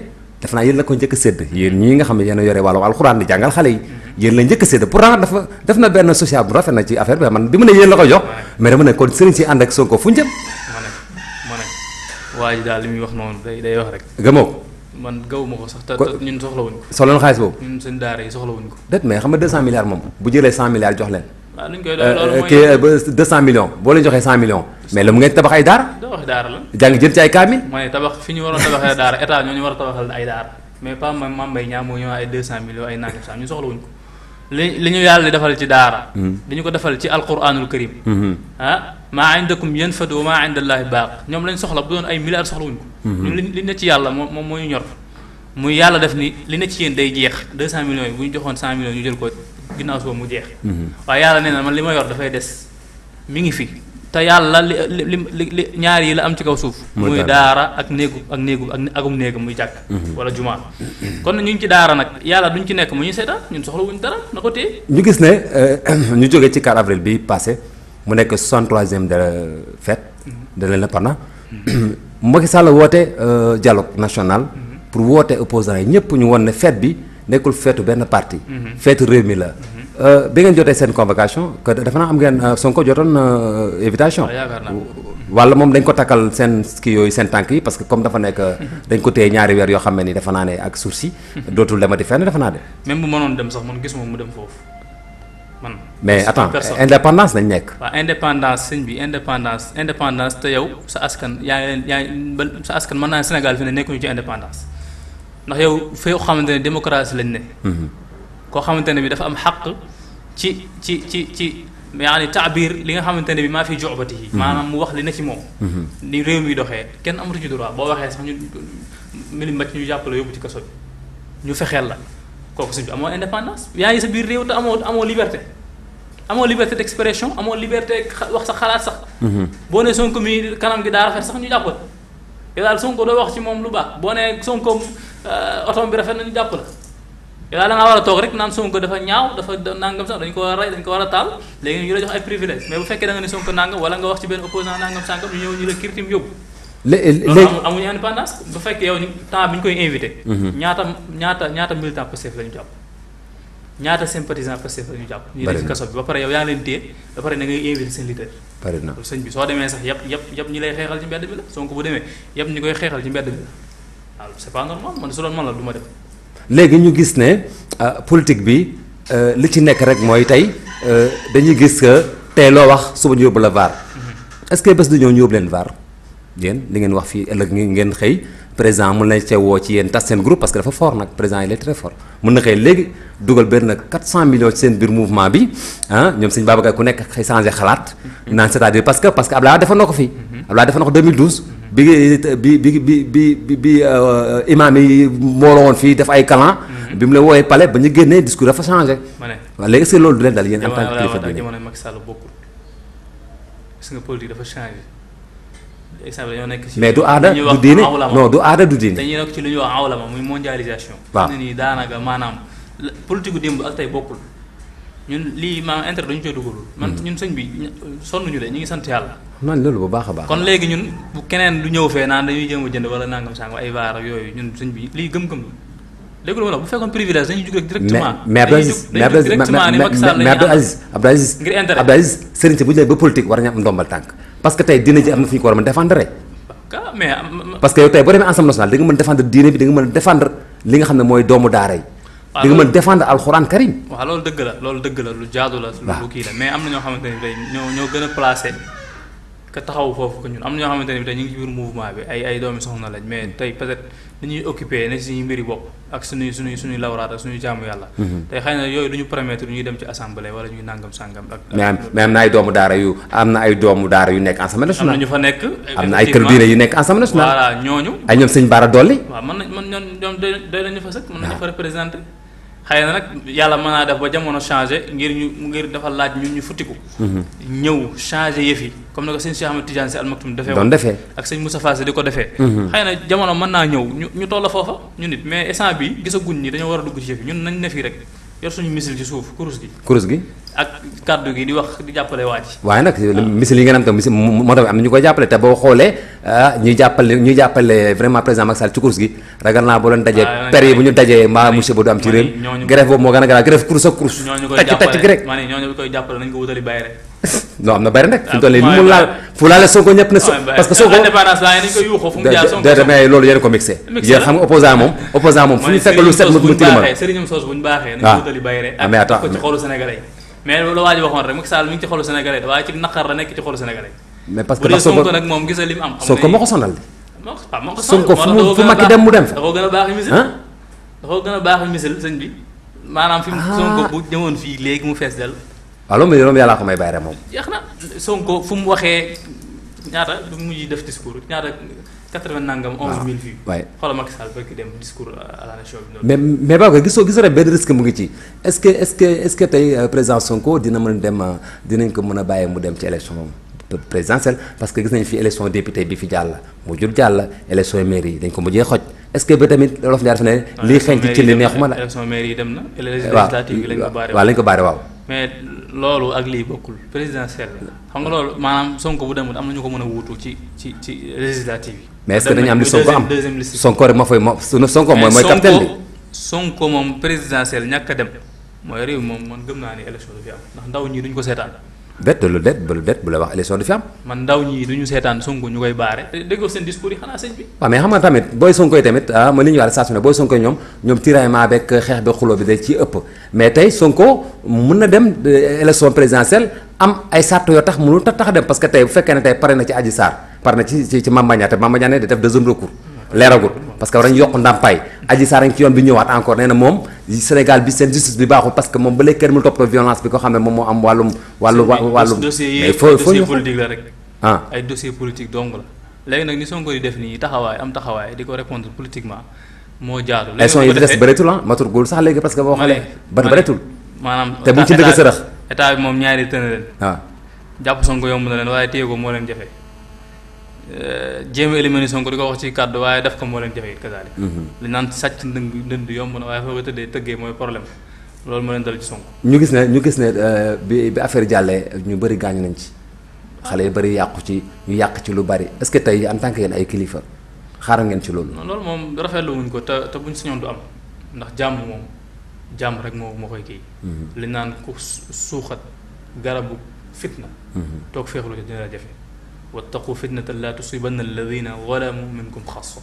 def naa yéen la ko njëkk a sédd yéen ñii nga xam ne yéen a yore xale yi mm-hmm. yéen la njëkk a dafa def benn social bu rafet na ci affaire bi man la ko jox mais dama kon sëriñ si ànd ak Sonko fu ñu waa ji daal li muy wax noonu day day wax rek. gëmoo ko. man gaw ko sax te ñun soxlawuñ ko. soxla na xaalis boobu. ñun ko. déet mais xam nga 200 milliards moom bu jëlee 100 jox leen. waaw euh, euh, boo leen joxee 100 millions. mais lu mu ngeen tabax ay daara. tabax daara la. jàng jën ci ay kaamil. mooy tabax fi ñu waroon tabaxee daara état ñoo ñu war a tabaxal ay daara mais pas man Mame Mbaye Niang moo ñëwaat ay 200 millions ay nangam sax ñu soxlawuñ ko لن يالله دفع الجدارة لن يقدر دفع القرآن الكريم ها ما عندكم ينفد وما عند الله باق نعم لن سخلب دون أي ملأ سخلون لن نتي الله ما ما ينير مو يالله دفني لن نتي ين ديجيخ دس هم مليون وين جهون سام مليون يجلكوا جناس هو مديخ ويا الله نعم لما يرد دفع دس في te yàlla li li li ñaar yi la am ci kaw suuf. muy daara ak néegu ak néegu ak akum néegu muy jàkk. Mhm. wala jumaa kon ñu ngi ci daara nag yàlla duñ ci nekk mu ñuy seetaan ñun soxla wuñ dara na ko téye. ñu gis ne euh, [clears throat] ñu jógee ci 4 avril bi passé mu nekk 63e de fête mhm. de l'indépendance. [clears throat] Macky Sall woote euh, dialogue national. Mhm. pour woote opposants yi ñëpp ñu won ne fête bi nekkul feetu benn parti. feetu réew mi la. Euh, bi ngeen jotee seen convocation que dafa naa am ngeen euh, Sonko jotoon euh, invitation. Ah, wala moom dañ ko takkal seen kii yooyu seen tànk yi parce que comme dafa nekk. [laughs] dañ ko téye ñaari weer yoo xam ne ni dafa naa ne ak sursis. [laughs] dootul demati fenn dafa naa de. même bu mënoon dem sax man gisuma mu dem foofu man. mais attends indépendance nañ nekk. waaw indépendance sëñ bi indépendance indépendance te yow sa askan yaa ngi leen yaa sa askan man naa Sénégal fi ne nekkuñu ci indépendance ndax yow fi xamante ne ne. Mhm. koo xamante ne bi dafa am xaq ci ci ci ci yaani taabir li nga xamante ne bi maa fi joxbati yi maanaam mu wax li na ci moom ni réew mi doxee kenn amatu ci droit boo waxee sax ñu milimbat ñu jàppale yóbbu ci kaso bi ñu fexeel la kooku suñ bi amoo indépendance yaa ngi sa biir réew te amoo amoo liberté amoo liberté d'expression amoo liberté wax sa xalaat sax boo ne sonko mi kanam gi daa rafet sax ñu jàppal yow daal sonko doo wax ci moom lu baax boo ne sonko otom bi rafet na ñu jàpp la yow da ngaa war a toog rek naan Sonko dafa ñaaw dafa nangam sax dañ ko war a rey dañ ko war a taal léegi ñu la jox ay privilège mais bu fekkee da nga ne Sonko nangam wala nga wax ci benn opposant nangam sàngam ñu ñëw ñu la kirtim yóbbu léegi amuñu indépendance bu fekkee yow temps bi ñu koy invité ñaata ñaata ñaata militant Pastef la ñu jàpp ñaata sympathisant Pastef la ñu jàpp ñu def kaso bi ba pare yow yaa leen téye ba pare na ngay invité soo demee sax yëpp yëpp yëpp ñi lay xeexal ci mbedd bi la bu demee yëpp ñi koy xeexal ci mbedd bi la waaw c'est pas normal man su doon man du ma def léegi ñu gis ne euh, politique bi euh, li ci nekk rek mooy tey euh, dañuy gis que tey loo wax suba ñu yóbbu la VAR mm-hmm. est-ce que bés du ñëw ñu yóbbu leen VAR yéen li ngeen wax fii ëllëg ngeen xëy président mën na cee woo ci yéen tas seen groupe parce que dafa fort nag président il est très fort mën na xëy léegi dugal benn nag 400 millions ci seen biir mouvement bi ah ñoom sëñ Babacar ku nekk xëy changé xalaat. Mm-hmm. naan cest à parce que parce que Abdoulaye defoon na ko fii. Mm-hmm. Abdoulaye defoon na bi bi bi bi bi bi euh, euh, imaam yi mbooloo woon fii def ay calan. Mhm. bi mu la wooyee pale ba ñu génnee discours dafa changé. ma ne waaw léegi est ce que loolu du leen dal yéen en tant que kilifa bi jamono Macky Sall bokkul gis nga politique dafa changé. mais du aada du diine non du aada du diine. dañuy nekk ci lu ñuy wax awlama muy mondialisation. waaw daanaka maanaam politique gu démb ak tey bokkul. ñun lii maanaam intérêt dañu cee dugalul. man hmm. ñun sëñ bi sonn ñu de ñu ngi sant yàlla. man loolu bu baax a baax. kon léegi ñun bu keneen du ñëw fee naan dañuy jéem a jënd wala nangam sàng ay vaar yooyu ñun sëñ bi lii gëm-gëm la dégg nga wala bu fekkoon privilège dañuy jug rek directement. mais mais Abdou Aziz Abdou Aziz ngir intérêt sëriñ si bu ñu ba politique war nañu am ndombal tànk parce tey diine ji am na ñu ko war a mën défendre que tey boo demee Assemblée nationale da nga mën défendre diine bi mën défendre li nga xam ne mooy doomu daara yi di nga mën défendre alxuraan karim. waaw loolu dëgg la loolu dëgg la lu jaadu la. lu kii la mais am na ñoo xamante ne tey ñoo ñoo gën a placé ka taxaw foofu ko ñun am na ñoo xamante ne tey ñu ngi ci biir mouvement bi ay ay doomi soxna lañ mais tey peut-être dañuy occupé ne suñuy mbiri bopp ak suñuy suñuy suñuy lawraat ak suñuy jaamu yàlla. Mm-hmm. tey xëy na yooyu du ñu permettre ñuy dem ci assemblée wala ñuy nangam sàngam ak. mais am mais am na ay doomu daara yu am na ay doomu daara yu nekk assemblée nationale. am na ñu fa nekk. am na ay kër nañ mën ñoom doy nañu fa xëy na nag yàlla mën naa def ba jamono changé ngir ñu ngir dafa laaj ñun ñu futtiku mhm. ñëw changé yëf yi comme ni ko sëñ Cheikh Ahmed Tidiane Sy defee doon defee ak sëñ Moussa Fass di ko defee mhm. xëy na jamono mën naa ñëw ñu ñu toll foofa ñu nit mais instant bi gisaguñ ni dañoo war a dugg ci yëf yi ñun nañ ne fii rek yor suñu misil ci suuf kurus gi kurus gi ak kàddu gi di wax di jàppale waa ji. waaye nag misil yi ngeen am tam misil moo tax am na ñu koy jàppale te boo xoolee ah, ñuy jàppale ñuy jàppale vraiment président Macky Sall ci course gi ragal naa boo leen dajee ah, per yi bu ñu dajee mbaa monsieur ba du am ci réew grève boobu moo gën a ko wutali [laughs] na bari nag fi mu toll nii loolu yéen ko mixé yéen xam nga opposant moom opposant moom fu ñu fekk lu set mu tilimal sëriñam soos mais loolu waa ji waxoon rek Macky Sall mi ngi ci xolu sénégalais waaye ci naqar la nekk ci xolu sénégalais. mais parce que ndax Sonko nag moom gisal li am. Sonko moo ko sonal de. moo ko ah, moo ko a baax misil da koo gën bi maanaam fi mu ah. Sonko bu fii léegi mu fees del waaw loolu mooy yàllaa ko may bàyyi moom. jeex na Sonko fu mu waxee ñaata du mujj def discours ñaata 80 nangam 11000 vues. waay xoolal Macky Sall bëgg dem discours euh, à la nation bi. mais mais baax nga gisoo gisoo rek benn risque mu ngi ci est ce que est ce que est ce que tey euh, président Sonko dina mën dem euh, dinañ ko mën a mu dem ci élection présidentielle parce que gis nañ fi élection député bi fi jàll mu jur jàll élection mairie yi dañ ko mujjé xoj. est-ce que ba tamit loolu ñaar fi ne li xeeñ ci li neexuma la élection mairie dem na législative yi lañ ko baare waaw lañ ko baare waaw mais loolu ak lii bokkul présidentielle la xam nga loolu maanaam Sonko bu demul am na ñu ko mën a wuutu ci ci ci législative yi mais est ce Sonko moom présidentiel ñàkk dem mooy moom man gëm ndaw ñi duñ ko seetaan. det lu wax élection du fi ndaw ñi duñu ñu koy baare. déggoo seen discours yi xanaa tamit booy Sonko tamit ah booy ñoom ñoom tiraillement beeg xeex beeg xuloo bi day ci mun na dem euh, élection présidentielle am ay sart yoo tax mënul tax tax dem parce que tey bu fekkee ne tey pare na ci Adji Sarr par na ci ci Mame Mbaye Niang te Mame Mbaye Niang ne def deuxième que war nañu yokk ndàmpaay aji saar ci yoon na moom Sénégal bi seen justice bi baaxul parce que moom ba léegi kenn mënul toppatoo violence bi ko moom moo am wàllum wàllum wàllum mais ah. moo jaaru élection yi ah, sërëx état bi moom ñaari tëna leen waaw ah. jàpp Sonko yomb na leen waaye téye moo leen jafe jéem a éliminer sonko di ko wax ci kàddu waaye def ya, ko moo leen jafe kazaali mhm. li naan sàcc ndëng ndënd yomb na waaye foo ko tëddee tëggee mooy problème loolu moo leen dal ci sonko ñu gis ne ñu gis ne eh, bi bi affaire jàllee ñu bëri gaañu nañ ci xale yu bëri yàqu ci ñu yàq ci lu bari est ce que tey en tant que yéen ay kilifa xaaral ngeen ci loolu loolu moom rafetlu wuñ ko te te buñ sañoon du am ndax jàmm moom jàmm rek moo moo koy kii mhm. li naan ku suuxat garabu fitna mhm. toog féexlu dina واتقوا فتنة لا تصيبن الذين ظلموا منكم خاصة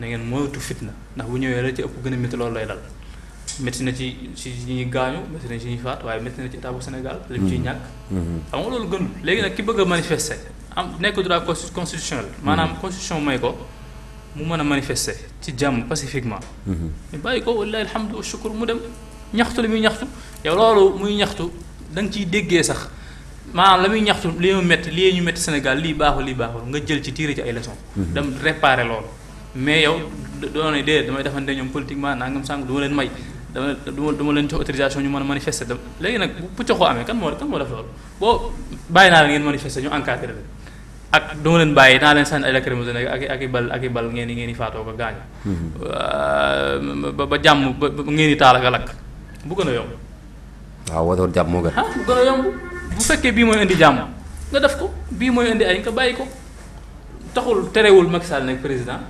نين موت فتنة نحو نيو يريتي أبو قنم مثل الله يلال متنا تي شي ني غانيو متنا شي ني فات واي متنا تي تابو سنغال لم تي نياك ام لول گن لغي نك كي بوغ مانيفيستي ام نيكو درا كونستيتيونال مانام كونستيتيون مايكو مو مانا مانيفيستي تي جام باسيفيكمان مي بايكو والله الحمد والشكر مودم نياختو لي مي نياختو يا لولو مي نياختو دنج تي ديغي صاح maanaam la muy ñaxtu li ñu métti lii ñu métti Sénégal lii baaxul lii baaxul nga jël ci tiré ci ay leçons. Mhm. dem réparer loolu. mais yow doon nañ déedéet damay defante ñoom politiquement nangam sàng du ma leen may dama du leen jox autorisation ñu mën a manifester da léegi nag bu coxoo amee kan moo kan moo def loolu boo bàyyi naa la ngeen manifester ñu encadré leen ak du leen bàyyi naa leen sànni ay lacrymogène ak ak i bal ak i bal ngeen i ngeen i faatoo ko gaañu mhm. ba ba jàmm ba ngeen i taal ak a lakk bu gën a yomb waaw wadoor ah, a bu fekkee bii mooy indi jàmm nga def ko bii mooy indi ay nga bàyyi ko taxul terewul Macky Sall nekk président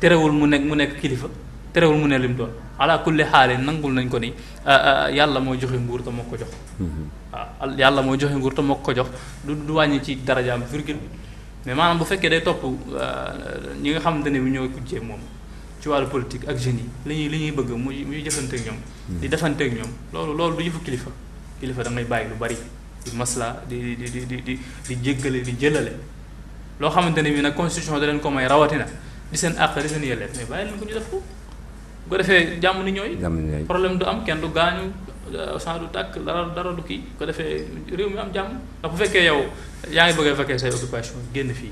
terewul mu nekk mu nekk kilifa terewul mu ne lim doon ala kulli xaale nangul nañ ko ni ah, ah, yàlla moo joxe nguur te moo ko jox. waaw mm-hmm. ah, moo joxe nguur te moo ko jox du du wàññi ci darajaam virgule mais maanaam bu fekkee day topp ñi nga xamante ne bi ñoo kujjee moom ci wàllu politique ak jeunes yi li ñuy li ñuy bëgg muy muy jëfante ñoom. Mm-hmm. di defante ak ñoom loolu du yëfu kilifa kilifa da ngay bàyyi lu bari. di masla di di di di di di jéggale di jëlale loo xamante ne bi nag constitution da leen ko may rawatina di seen àq di seen yelleef mais bàyyi leen ko ñu def ko bu ko defee jàmm ni ñooy problème du am kenn du gaañu sans du tàkk dara dara du kii ko defee réew mi am jàmm ndax bu fekkee yow yaa ngi bëgg a fekkee say occupation génn fii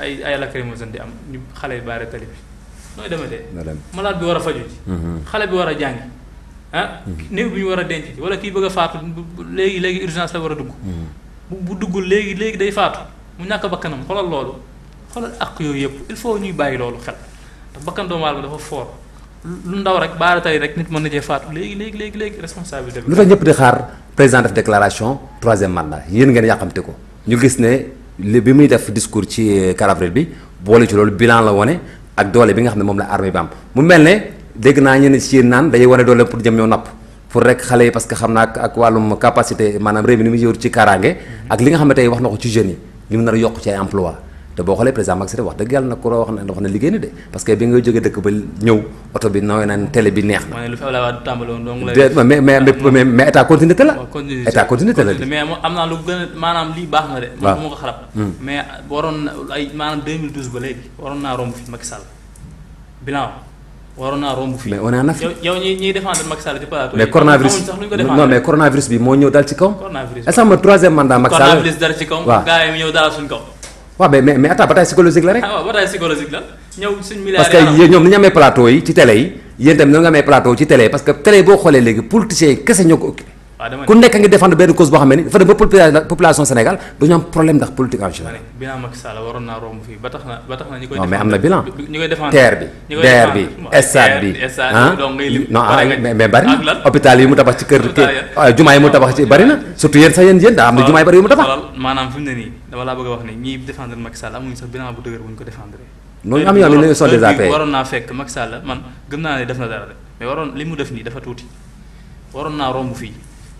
ay ay lacrymogène di am ñu xale yi baare tali bi nooy dematee malade bi war a faju ji mm-hmm. xale bi war a jàngi ah néew bi ñu war a denc wala kii bëgg a faatu léegi léegi urgence la war a dugg hmm. bu bu duggul léegi léegi day faatu mu ñàkk bakkanam xoolal loolu xoolal ak yooyu yëpp il faut ñuy bàyyi loolu xel ba bakkan doomu aadama dafa foor lu ndaw rek baara tey rek nit mën na jee faatu léegi léegi léegi léegi responsabilité bi. lu tax ñëpp di xaar président def déclaration troisième mandat yéen ngeen yàqamte ko ñu gis ne li bi muy def discours ci 4 euh, avril bi boole ci loolu bilan la wone ak doole bi nga xam ne moom la armée bi am dégg naa ñenn ci naan dañuy wane doole pour jëm ñoo napp pour rek xale yi parce que xam naa ak wàllum capacité maanaam réew mi ni muy yor ci kaaraange ak li nga xam ne tey wax na ko ci jeunes yi li mu nar a yokk ci wax dëgg yàlla nag ku wax wax na la. mais mais mais état continuité la. état am naa lu gën a maanaam lii baax na de. waaw mu xarab. Hmm. mais waroon ba léegi waroon naa romb fi Macky Sall bilan waroon naa romb fii mais on est en Afrique yow ñi ñiy défendre Macky Sall ci coronavirus non mais coronavirus bi moo ñëw dal ci kaw. coronavirus est ma troisième mandat Macky coronavirus dal ci kaw. waaw gars yi ñëw dalal suñu kaw. waaw mais mais mais attends psychologique la rek. Ah, parce que ñoom ni ñu amee plateau yi ci télé yi yéen tamit ñoo amee plateau ci télé parce que télé boo xoolee léegi politiciens yi kese ñoo ko ku nekk ngi défendre benn cause boo xam ne ni dafa mu tabax ci kër kii ah, jumaa yi mu tabax ci bari na surtout yéen sax yéen yéen daa na laa bëgg a wax ne ñiy défendre Macky Sall amuñu sax bilan bu dëgër bu ñu ko défendre. loolu am yoon ñu sont des affaires waroon naa fekk Macky Sall man gëm naa ne def na dara de mais waroon li mu def nii dafa tuuti waroon naa romb fii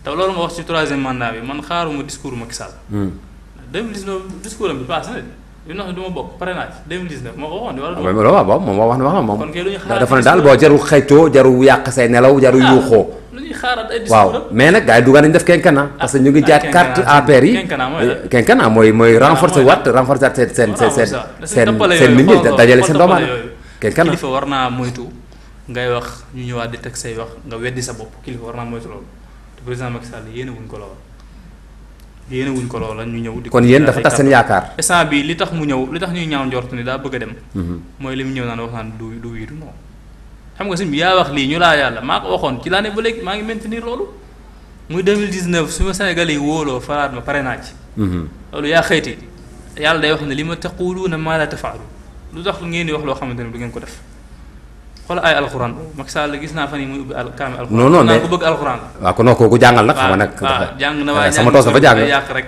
te loolu nga wax ci troisième mandat bi man xaaruma discours Macky Sall. 2019 hmm. discours am bi passé na yu nax duma bok parrainage 2019 moko waxon di wala do mo ah, waaw mom wax na wax na mom kon kay luñu dafa dal bo jaru xeyto jaru yak say nelaw jaru ah, yuxo luñu xaarat ay discours waaw mais nak gaay dugal nañ def kenkana ah, parce que ñu ngi jaat carte APR yi kenkana moy moy renforcer wat renforcer sen sen sen sen sen sen nit ñi dajale sen dooma kenkana kilifa warna moytu ngay wax ñu ñëwaat di tek say wax nga weddi sa bop kilifa warna moytu lolu président ma Macky Sall yéene wuñ ko lool yéene wuñ ko loola ñu ñëw. di kon yéen dafa tas seen yaakaar. instant bi li tax mu ñëw li tax ñuy ñaaw njort ni daa bëgg a dem. Mhm. mooy li mu ñëw naan wax naan du du wiitu xam nga sëñ bi yaa wax lii ñu laa yàlla maa ko waxoon ci laa ne ba léegi maa ngi maintenir loolu muy 2019 su ma Sénégalais yi wóoloo faraat ma pare naa ci. Mhm. loolu yaa xëyti yàlla day wax ne li ma na maa laa tafaalu lu tax ngeen di wax loo xamante ne du ngeen ko def. xoolal ay alxuraan Macky Sall gis naa fan yii muy ubbi al kaamil alxuraan. non non mais ku bëgg alxuraan. na ah, waaye sama toos dafa jàng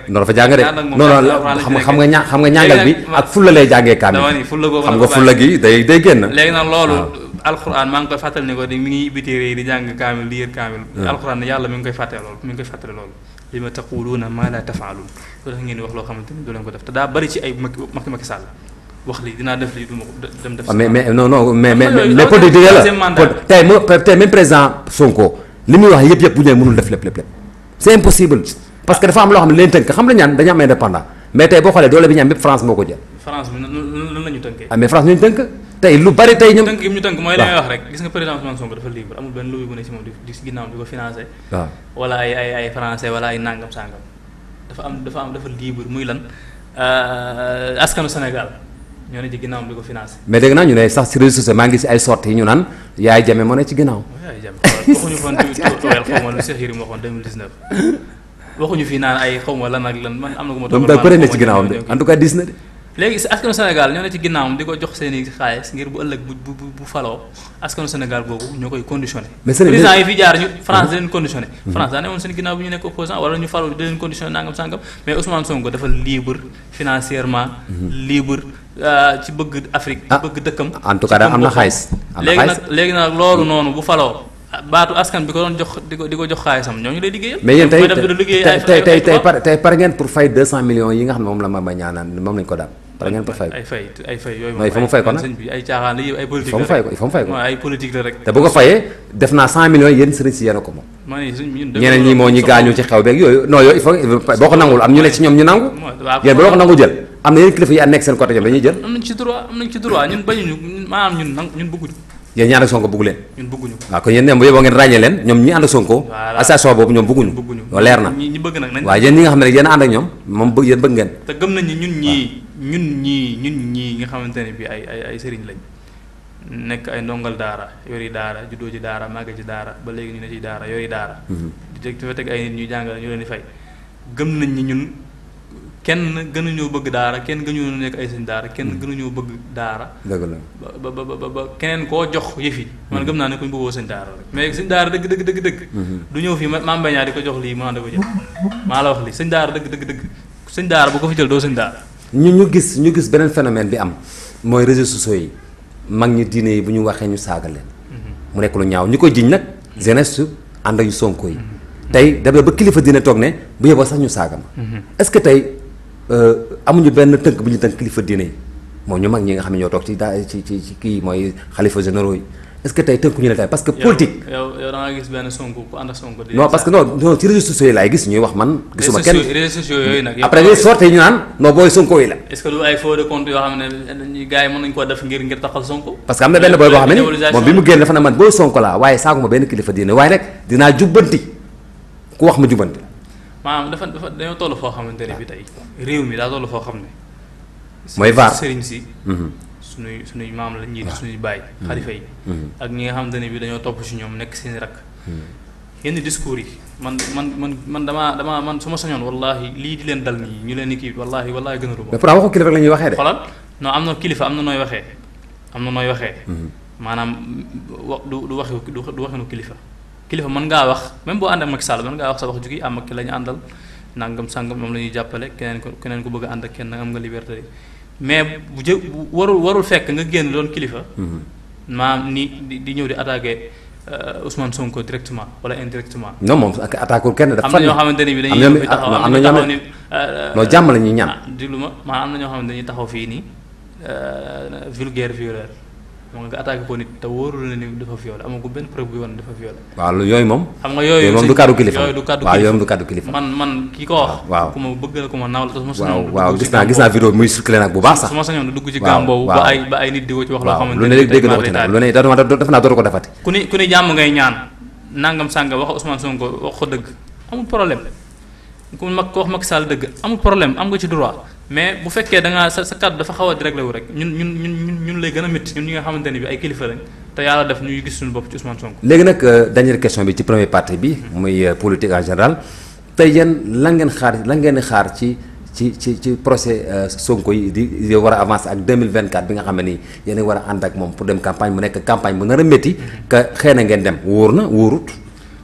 non dafa jàng de non xam nga ña xam nga ñàngal bi ak fulla lay jàngee kaamil. xam nga fulla gi day day génn. léegi nag loolu ah. alxuraan maa ngi koy fàttali ne ko di mi ngi ubbi téere di jàng kaamil di yër kaamil. Ah. alxuraan yàlla mi ngi koy fàttali loolu mi ngi koy fàttali loolu. li ma taquluuna maa laa tafaaluun loolu ngeen di wax loo xamante ni du leen ko def te daa bari ci ay Macky Macky Sall wax lii dinaa def lii du ma ko dem def. Ah, mais mais non wax yëpp yëpp bu def lépp lépp lépp c'est dafa am loo xam ne leen tënk xam la ñaan dañu am ah, lu bari tey ñoom. tënk yi ñu tënk mooy li may wax rek gis nga président dafa libre amul benn lobby bu ne si moom di si ginnaaw muy lan euh, askanu Sénégal ñoo ne ci ginnaawam di ko financé. mais dégg naa ñu ne sax si réseaux sociaux maa ngi si ay sort yi ñu naan yaay jame moo ne ci ginnaaw. Oh, yaay jame waxuñu fan tuweel xaw fii naan ay xaw ma lan ak lan man am na ko ma. toog daal bëri na ci ginnaawam de na de. léegi si askanu Sénégal ñoo ne ci ginnaawam di ko jox seen i xaalis ngir bu ëllëg bu bu bu faloo askanu Sénégal boobu ñoo koy conditionné. mais président yi fi jaar ñu France mhm. da leen conditionné. Mhm. France daa ne woon seen ginnaaw bu ñu nekk opposant wala ñu faloo da leen conditionné nangam sangam mais Ousmane Sonko dafa Euh, ci bëgg Afrique. ci ah, bëgg dëkkam. en tout cas daal am na xaalis. am na xaalis léegi nag léegi loolu noonu bu faloo. baatu askan bi ko doon jox di ko di ko jox xaalisam ñooñu lay liggéeyal. mais yéen tey tey tey tey par tey par ngeen pour fay 200 millions yi nga xam ne moom la ma ñaanaan moom lañ ko daal. dara ngeen ko fay ay fay ay fa mu fay ko nag te bu fayee def naa cent millions yéen sëriñ si yéen ko moom ñeneen ñi moo na yéen kilifa yi a nekk seen côté ñoom dañuy jël am nañ ci droit am nañ ci droit ñun bañuñu maanaam ñun nang ñun bëgguñu yéen leer na waaw yéen ñi nga xam ne yéen ànd ak ñoom moom bëgg yéen bëgg ngeen te gëm nañ ñun ñii ñun ñii ñun ñii nga xamante ne bii ay ay ay sëriñ lañ nekk ay ndongal daara yori daara juddoo ci daara màgge ci daara ba léegi ñu ne ci daara yori daara. Mhm. di teg dafa ay nit ñuy jàngale ñu leen di fay. gëm nañ ni ñun kenn gënuñoo bëgg daara kenn gënuñoo nekk ay sëriñ daara kenn mhm. gënuñoo bëgg daara. dëgg la ba ba ba ba keneen koo jox yëf yi. man mhm. gëm naa ne kuñ bëggoo sëriñ daara rek. mais sëriñ daara dëgg dëgg dëgg dëgg. du ñëw fii ma mbañaa di ko jox lii mu naan da ko jël maa la wax lii sëriñ daara dëgg dëgg dëgg sëriñ daara bu ko fi jël doo sëñ daara ñu ñu gis ñu gis beneen phénomène bi am mooy réseaux sociaux yi mag ñi diine yi bu ñu waxee ñu saaga leen. mu nekk lu ñaaw ñu koy jiñ nag jeunesse ànd ak yu sonko yi. tey demee ba kilifa diine toog ne bu yeboo sax ñu saaga ma. est-ce que tey euh, amuñu benn tënk bu ñu tënk kilifa diine yi moom ñu mag ñi nga xam ne ñoo toog ci daa ci ci kii mooy xalifa généraux yi. est-ce que tey tënkuñu la tey parce que. politique yow yow da nga gis benn Sonko ku ànd ak Sonko parce que non ci réseaux sociaux yi laay gis ñuy wax man. gisuma kenn réseaux sociaux yooyu nag. ñu naan non booy Sonko yi la. koo def ngir ngir taxal Sonko. parce que am na benn booy boo xam ne ni moom bi mu génn dafa ne man booy Sonko laa waaye saaguma benn kilifa diine waaye nag dinaa jubbanti ku wax ma jubbanti. maanaam dafa dafa dañoo toll foo xamante ne bi tey réew mi daa toll foo xam ne. mooy si mhm. suñuy suñuy maam la ñi suñuy baay mm-hmm. xalifa yi mm-hmm. ak ñi nga xam dañu bi dañoo topp ci ñoom nekk seen rak mm-hmm. yenn discours yi man man man man dama dama man suma sañoon wallahi lii di leen dal nii ñu leen ni kii wallahi wallahi gënalu ma pourtant waxu kilifa lañuy waxee de xolal non am na kilifa am na nooy waxee am na nooy waxee maanaam du du waxe du waxinu kilifa kilifa man ngaa wax même boo ànd ak Macky Sall mën ngaa wax sa wax jugi am ah, ak lañu àndal nangam sangam moom lañuy jàppale keneen ko keneen ko bëgg ànd ak kenn am nga liberté mais bu jë bu warul warul fekk nga génn doon kilifa. Mhm. maam ni di ñëw di attaqué euh, Ousmane Sonko directement wala indirectement. non moom ak attaqué kenn dafa. am na ñoo xamante ne bi dañuy ñëw am na ñoo xam ne euh, loolu jàmm la ñuy ah, di lu ma maanaam am na ñoo xam ne dañuy taxaw fii nii euh, vulgaire violeur. xam nga attaqué ko nit te wóorul na ni dafa violé amagul benn preuve bu yoon dafa violé waaw lu yooyu moom xam nga yooyu moom du kaddu kilifa yooyu du kaddu waaw yooyu du kaddu kilifa man man ki ko wax waaw ku ma bëgg la ku ma naaw la sama sañoon waaw gis naa gis naa vidéo muy circulé nag bu baax sax sama sañoon dugg ci gam boobu ba ay ba ay nit di ko ci wax loo xamante lu ne dégg na ko ci nag lu ne dafa naa dootu ko defati ku ne ku ngay ñaan nangam sànga wax Ousmane Sonko wax ko dëgg amul problème ku mag ko wax Macky Sall dëgg amul problème am nga ci droit mais bu fekkee da nga sa sa kàddu dafa xaw a la wu rek ñun ñun ñun ñun nga xamante bi ay kilifa lañ te yàlla def ñuy gis suñu bopp ci Ousmane Sonko. léegi nag euh, dernière question bi ci premier partie bi. Hmm. muy euh, politique en général tey yan lan ngeen xaar lan ngeen xaar ci ci ci euh, yi di di war a avancer ak 2024 bi nga xam ne nii yéen a war a ànd ak moom pour dem campagne mu nekk campagne bu nar a métti. Hmm. que xëy na ngeen dem wóor na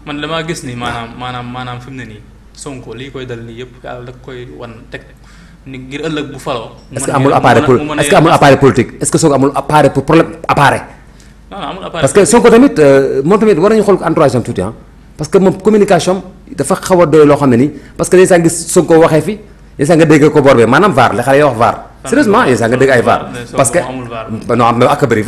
man gis ni maanaam maanaam maanaam fi mu ne nii Sonko lii koy dal nii yëpp yàlla da koy wan teg. ngir ëllëg bu faloo. est-ce que amul appareil poli est-ce que amul appareil politique soo ko amul appareil pour problème appareil. parce que Sonko tamit euh, moom tamit war nañu xool ko entourage am parce que moom communication dafa xaw a doy loo xam ne nii parce que day saa gis Sonko waxee fi day saa nga dégg ko boor maanaam vaar la xale yoo wax vaar. sérieusement yéen saa nga dégg ay VAR parce que non am na ak bëri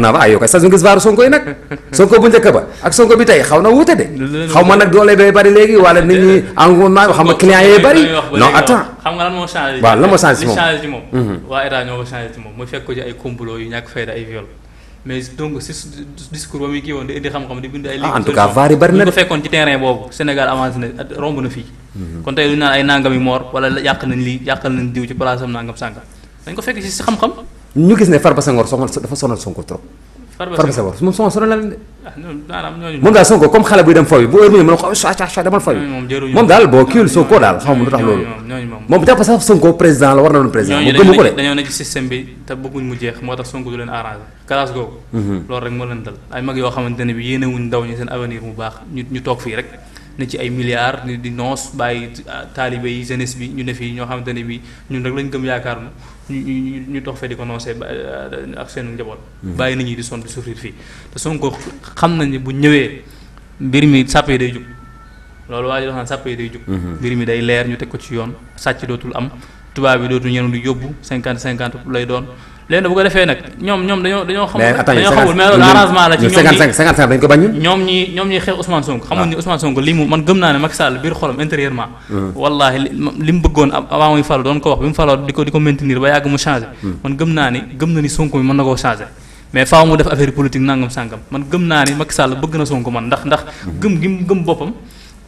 naa ba ay yow kay sax nga gis Sonko yi nag [laughs] Sonko bu njëkk ba ak Sonko bi tey xaw na wuute de xaw ma nag doole bay bëri léegi wala nit ñi engouement xam nga client yee bëri non attends xam nga lan moo changé waaw lan moo changé ci moom mhm. changé mu fekk ko ci ay complot yu ñàkk fayda ay viol mais donc si discours ba muy kii di indi xam-xam di bind ay ah, en tout cas VAR yi bëri na fekkoon ci terrain boobu Sénégal avancé na romb na fii kon tey lu ñu naan ay nangami moor wala yàq nañ lii yàqal nañ diw ci place am nangam sànga dañ ko fekk ci si xam-xam ñu gis ne Farba Senghor soxal dafa sonal Sonko trop Farba Senghor moom soxal sonal na leen de ah, moom daal Sonko comme xale buy dem faw yi bu heure mu ne mën a ko acaca demal faw yi moom daal boo kiiwul Sonko daal xaw ma lu tax loolu moom jàpp sax Sonko président la war na doon président mu gëmu ko de dañoo ne ci système bi te bëgguñ mu jeex moo tax Sonko du leen arrangé classe googu mhm. loolu rek moo leen dal ay mag yoo xamante ne bi yéenewuñ ndaw ñi seen avenir mu baax ñu toog fii rek ne ci ay milliards di noos bàyyi ah, taalibe yi jeunesse bi ñu ne fii ñoo xamante ne bi ñun rek lañ gëm yaakaar na ñu ñu dox fee di ko noosee ah, ak seen njaboot. Hmm. bàyyi nañu di sonn di souffrir fii te Sonko xam nañ ne bu ñëwee mbir mi sàppee day jug loolu waa ji dafa naan sàppee day jug. Hmm. mbir mi day leer ñu teg ko ci yoon sàcc dootul am tubaab bi dootu ñenn du yóbbu cinquante cinquante lay doon. léegi bu ko defee nag ñoom ñoom dañoo dañoo xamul dañoo xamul mais loolu arrangement la ci dañ ko bañ ñoom ñi ñoom ñi xeex Ousmane Sonko xamuñ ni Ousmane Sonko li mu man gëm naa ne Macky Sall biir xolam intérieurement wallahi li mu bëggoon avant muy falu doon ko wax bi mu faloo di ko di ko maintenir ba yàgg mu changé man gëm naa ni gëm na ni Sonko mi mën na koo changé mais faaw mu def affaire politique nangam sàngam man gëm naa ni Macky Sall bëgg na Sonko man ndax ndax gëm gi mu gëm boppam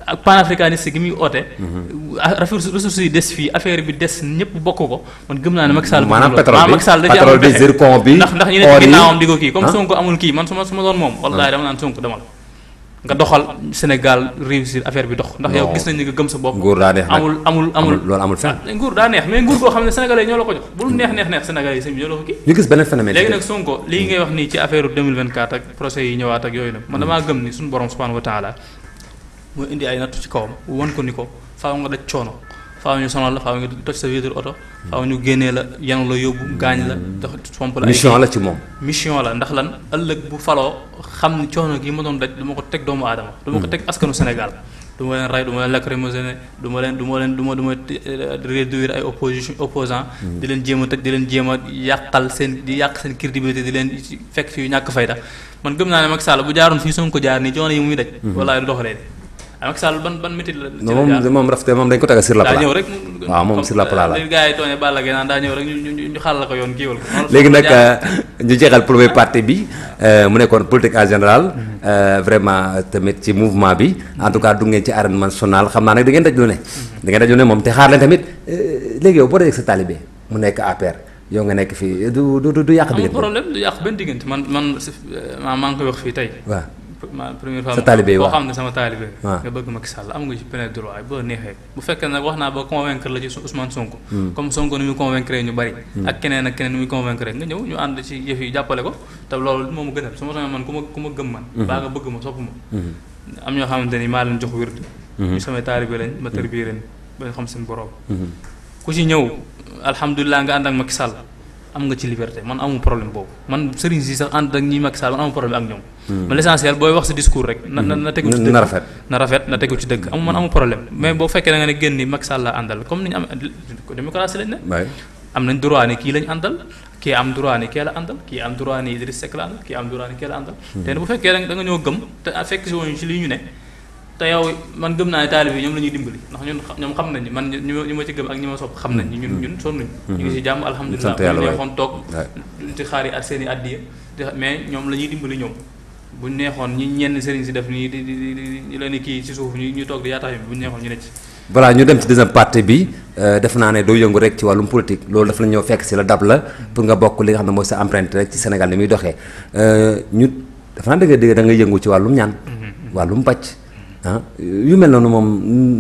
ak panafricaniste gi muy oote ressources yi des fi affaire bi des ñëpp bokk ko man gëm naa ne Macky Sall maanaam pétrole Macky Sall da ci am pexe zircon bi ndax ndax ñu ne ginnaawam di ko kii comme ah. Sonko amul kii man suma suma doon moom wallahi ah. dama naan Sonko demal nga doxal Sénégal réussir affaire bi dox ndax yow gis nañ ni nga gëm sa bopp nguur daa neex amul amul amul loolu amul fen ah, nguur daa neex mais nguur goo xam ne sénégalais yi ñoo la ko jox bul neex neex neex sénégalais yi sëñ bi ñoo la ko kii ñu gis benn phénomène léegi nag Sonko lii ngay wax nii ci affaire 2024 ak procès yi ñëwaat ak yooyu na man damaa gëm ni suñu borom subhanahu wa taala mu indi ay nattu ci kawam won ko ni ko faaw nga daj coono faaw ñu sonal la faaw nga toj sa vitre oto faaw ñu génnee la yanu la yóbbu gaañ la dox pomp mission la ndax lan ëllëg bu faloo xam ni coono gi ma doon daj dama ko ko hmm. teg askanu Sénégal du ma leen rey du ma leen du ma du leen du ma du ma eh, réduire ay opposition opposant hmm. di leen jéem a tëj di leen a yàqal seen di yàq seen crédibilité fi ñàkk fayda man gëm naa coono yi muy daj hmm. wallaay du doxalee ah Macky ban ban métier la. ci moom moom rafet moom dañ ko tagal sur la plat. waaw moom sur la la. li gars yi tooñee Balla Gaye naan daa ñëw rek ñu ñu ñu la ko yoon géewal ko. léegi nag euh, ñu jeexal premier parti bi euh, mu nekkoon politique en général. Euh, vraiment tamit ci mouvement bi. en tout cas du ngeen ci man nationale xam naa nag da ngeen daj lu ne. da ngeen daj lu ne moom te xaar leen tamit léegi yow boo dee sa talibé mu nekk APR. yow nga nekk fii du du du yàq diggante. amul problème du yàq benn diggante man man maa ngi koy wax fii tey. waaw ma première fois. sa taalibe waaw boo xam ne sama taalibe. waaw ah. nga bëgg Macky Sall am nga ci plein droit boo neexee. bu fekkee nag wax naa ba convaincre la ci Ousmane Sonko. Hmm. comme Sonko ni muy convaincre ñu bari. Hmm. ak keneen ak keneen ni muy convaincre nga ñëw ñu ànd ci yëf yi jàppale ko te loolu moo ma gënal su ma soxee man ku ma ku ma gëm man. Hmm. baa nga bëgg ma sopp ma. am ñoo xamante ni maa leen jox wér. ñu samay taalibe lañ ma tërbiye leen ba xam seen borom. ku ci ñëw alhamdulilah am nga ci liberté man amu problème boobu man sëriñ si sax ànd ak ñi Macky man amu problème ak ñoom. Hmm. man l'essentiel booy wax sa discours rek. na na tegu ci dëgg na rafet. na tegu ci dëgg amu man amu problème mais boo fekkee da ne génn ni Macky Sall la àndal comme ni am démocratie lañ ne. am nañ droit ni kii lañ àndal. kii am droit ni kee la àndal kii am droit ni Idriss Seck kii am droit ni kee la àndal. Hmm. te bu fekkee da nga gëm te te yow man gëm naa ne taalib yi ñoom la ñuy dimbali ndax ñun ñoom xam nañu man ñu ma ci gëm ak ñi ma sopp xam nañ ñun hmm. ñun sonn nañu hmm. ñu ngi si jàmm alhamdulilah ñu neexoon toog di xaar yi at seen i addiya mais ñoom la ñuy dimbali ñoom buñ neexoon ñi ñenn sëriñ si def nii di di kii si suuf ñu toog di yaatax neexoon ñu ne ci voilà ñu dem ci deuxième partie bi euh, def naa ne doo yëngu rek ci wàllum politique loolu dafa la ñëw fekk si la dab la pour nga bokk li nga xam ne mooy sa empreinte rek ci Sénégal ni muy doxee euh, ñu dafa naa dëgg dëgg da yëngu ci wàllum ñaan mm-hmm. ah yu mel noonu moom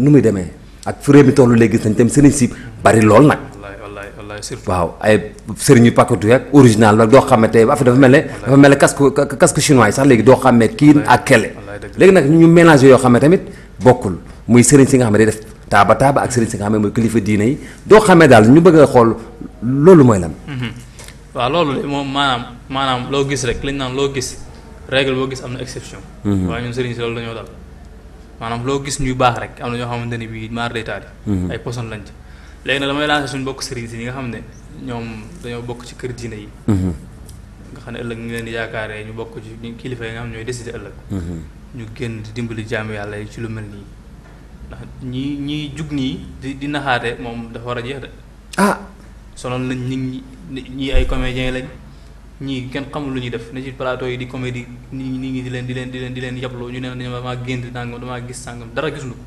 nu muy demee ak fu réew mi toll léegi gis nañ tam sëriñ si bari lool nag. waaw ay sëriñu pàkkatu ak original la doo xamante affaire dafa mel ne dafa mel ne casque casque chinois yi sax léegi doo xamee kii ak kele léegi nag ñu mélangé yoo xam ne tamit bokkul muy sëriñ si nga xam ne def taaba taaba ak sëriñ si nga xam ne kilifa diine yi doo xamee daal ñu bëgg a xool loolu mooy lan mhm. waaw loolu de moom maanaam maanaam loo gis rek lañ loo gis règle maanaam loo gis ñuy baax rek am na ñoo xamante ne bii maar day taal mhm. ay poson lañ ci léegi nag damay lancer suñu bokk sëriñ si ñi nga xam ne ñoom dañoo bokk ci kër diine yi mhm. nga xam ne ëllëg ñu leen di yaakaaree ñu bokk ci ñu kilifa yi nga xam ne ñooy décider ëllëg mhm. ñu génn di dimbali jaamu yàlla yi ci lu mel nii ndax ñi ñi jug nii di di naxaate moom dafa war a jeex de ah sonal lañ nit ñi ñi ay comédien lañ ñi ken xamul lu ñuy def na ci plateau yi di comédie ni ni ngi di leen di leen di leen di leen yablo ñu neen dama gënd nangam dama gis sangam dara gisunu ko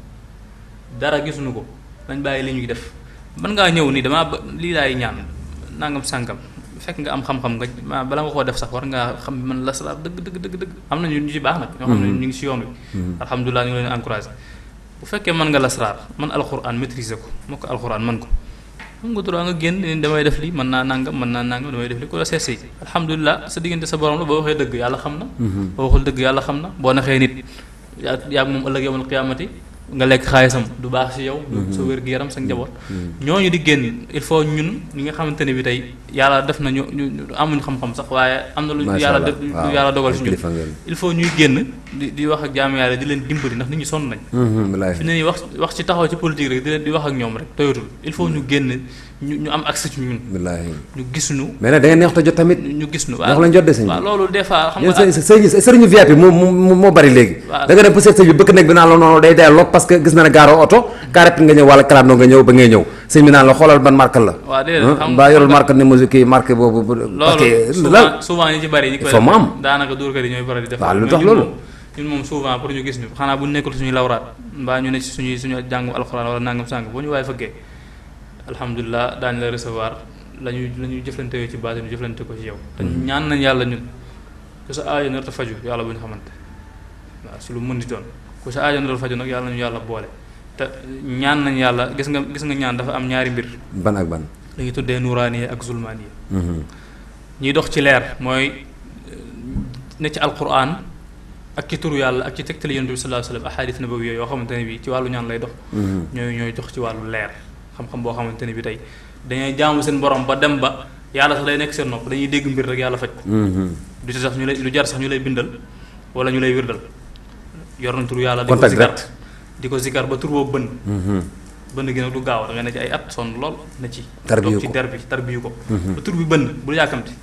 dara gisunu ko lañ bàyyi li ñuy def man nga ñëw ni dama li lay ñaan nangam sangam fekk nga am xam-xam nga bala nga ko def sax war nga xam man la sala deug deug deug deug amna ñu ci baax nak ñoo xam mm-hmm. ñu ngi ci yoon wi mm-hmm. alhamdullah ñu leen encourager bu fekkee man nga lasraar man alquran maîtriser ko moo ko alquran man ko am nga droit nga génn ni damay def li mën naa nangam mën naa nangam damay def li ku la seet si alhamdulilah sa diggante sa borom la boo waxee dëgg yàlla xam na mhm. boo waxul dëgg yàlla xam na boo naxee nit yaa yaa moom ëllëg yawmal qiyaamati nga lekk xaalisam du baax si yow. du mm-hmm. sa wér gu yaram sa njaboot. Mm-hmm. ñooñu di génn il faut ñun ñi nga xamante ne bi tey yàlla def na ñu ñu amuñ xam-xam sax waaye am na lu yàlla def lu yàlla dogal si ñun il faut ñuy génn di di wax ak jaamu yàlla di leen dimbali ndax nit ñi sonn nañ. Mm-hmm. fi ne nii wax wax ci taxaw ci politique rek di leen di wax ak ñoom rek toyatul il faut ñu génn. ñu ñu am accès ci ñun. wallaahi ñu gis ñu. mais nag da ngeen neex a jot tamit. ñu gis nu waaw ndax lañ de sëñ bi. waaw loolu des fois xam nga yéen sëñ sëriñu VIP bari léegi. waaw da nga dem bi bëgg nekk bi naan la noonu day day lópp parce que gis na ne gaaroo oto. carette nga ñëw wala nga ñëw ba ngay ñëw sëñ bi ban marque la. waaw déedéet xam nga mbaa yorul marque ne musique lu tax loolu ñun moom souvent pour ñu gis ñu xanaa bu ñu nekkul suñuy lawraat mbaa ñu ne suñu jàngu alxuraan wala nangam sàng boo ñu waaye fëggee alhamdulilah daañu la recevoir la ñuy la ci base ñu jëflante ko ci yow. te mm-hmm. ñaan nañ yàlla ñun ku sa aajo nar faju yàlla bu ñu xamante waaw si lu mën di doon ku sa aajo nar faju nag yàlla yàlla boole te ñaan nañ yàlla gis nga gis nga ñaan dafa am ñaari mbir. ban ak ban. li ñuy tuddee nuraaniya ak zulmaaniya. Mm-hmm. ñiy dox ci leer mooy ne ci alquran ak ci turu yàlla ak ci tegtali yonent bi sallallahu alayhi wa sallam ahadith nabawiyya yoo xamante ne bii ci wàllu ñaan lay dox. Mm-hmm. ñooy ñooy dox ci wàllu leer. xam-xam boo xamante ne bi tey dañuy jaamu seen borom ba dem ba yàlla sax lay nekk seen nopp dañuy dégg mbir rek yàlla faj mm-hmm. du ci ñu lu jar sax ñu lay bindal wala ñu lay wirdal yor nañ tur yàlla di ko sikar di ko sikar ba tur boo bënn mm-hmm. bënn gi nag du gaaw da nga ne ci ay at sonn lool na ci toog ci der bi tarbiyu ko mm-hmm. ba tur bi bënn bul yàkkamti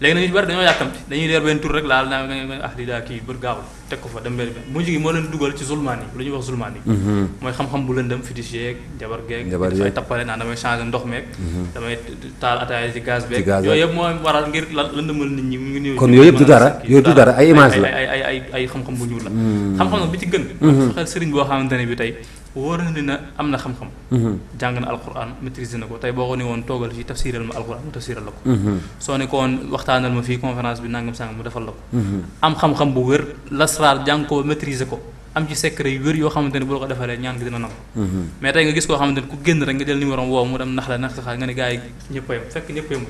léegi nag ñu bari dañoo yàkkamti dañuy leer benn tur rek laal naa ah lii daa kii bër gaawul teg ko fa dem benn benn mujj gi moo leen dugal ci zulmaan yi lu ñuy wax zulmaan yi mm-hmm. mooy xam-xam bu lëndëm fétiche yeeg jabar geeg dafay tappale naan damay changé ndox meeg mm-hmm. damay taal ataaya ci gaz beeg yooyu yëpp mooy waral ngir la lëndëmal nit ñi mu ngi néew kon yooyu yëpp du dara yooyu du dara ay image la ay ay ay xam-xam bu ñuul la mm-hmm. xam-xam nag bi ci gën saxel sëriñ xamante ne bi tey wóor na ni na am na xam-xam mhm. jàng na alquran maîtrise na ko tey boo ko ni woon toogal fii tafsiral ma alquran mu tafsiral la ko mhm. soo ne ko woon waxtaanal ma fii conférence bi nangam sàng mu defal la ko mhm. am xam-xam bu wér lasraar jàng ko maîtriser ko am ci secret yu wér yoo xamante ne bu la ko defalee ñaan gi dina nangu mais tey nga gis koo xamante ne ku génn rek nga jël numéro woow mu dem nax la nax saxaa nga ne gars yi yam fekk ñëpp yam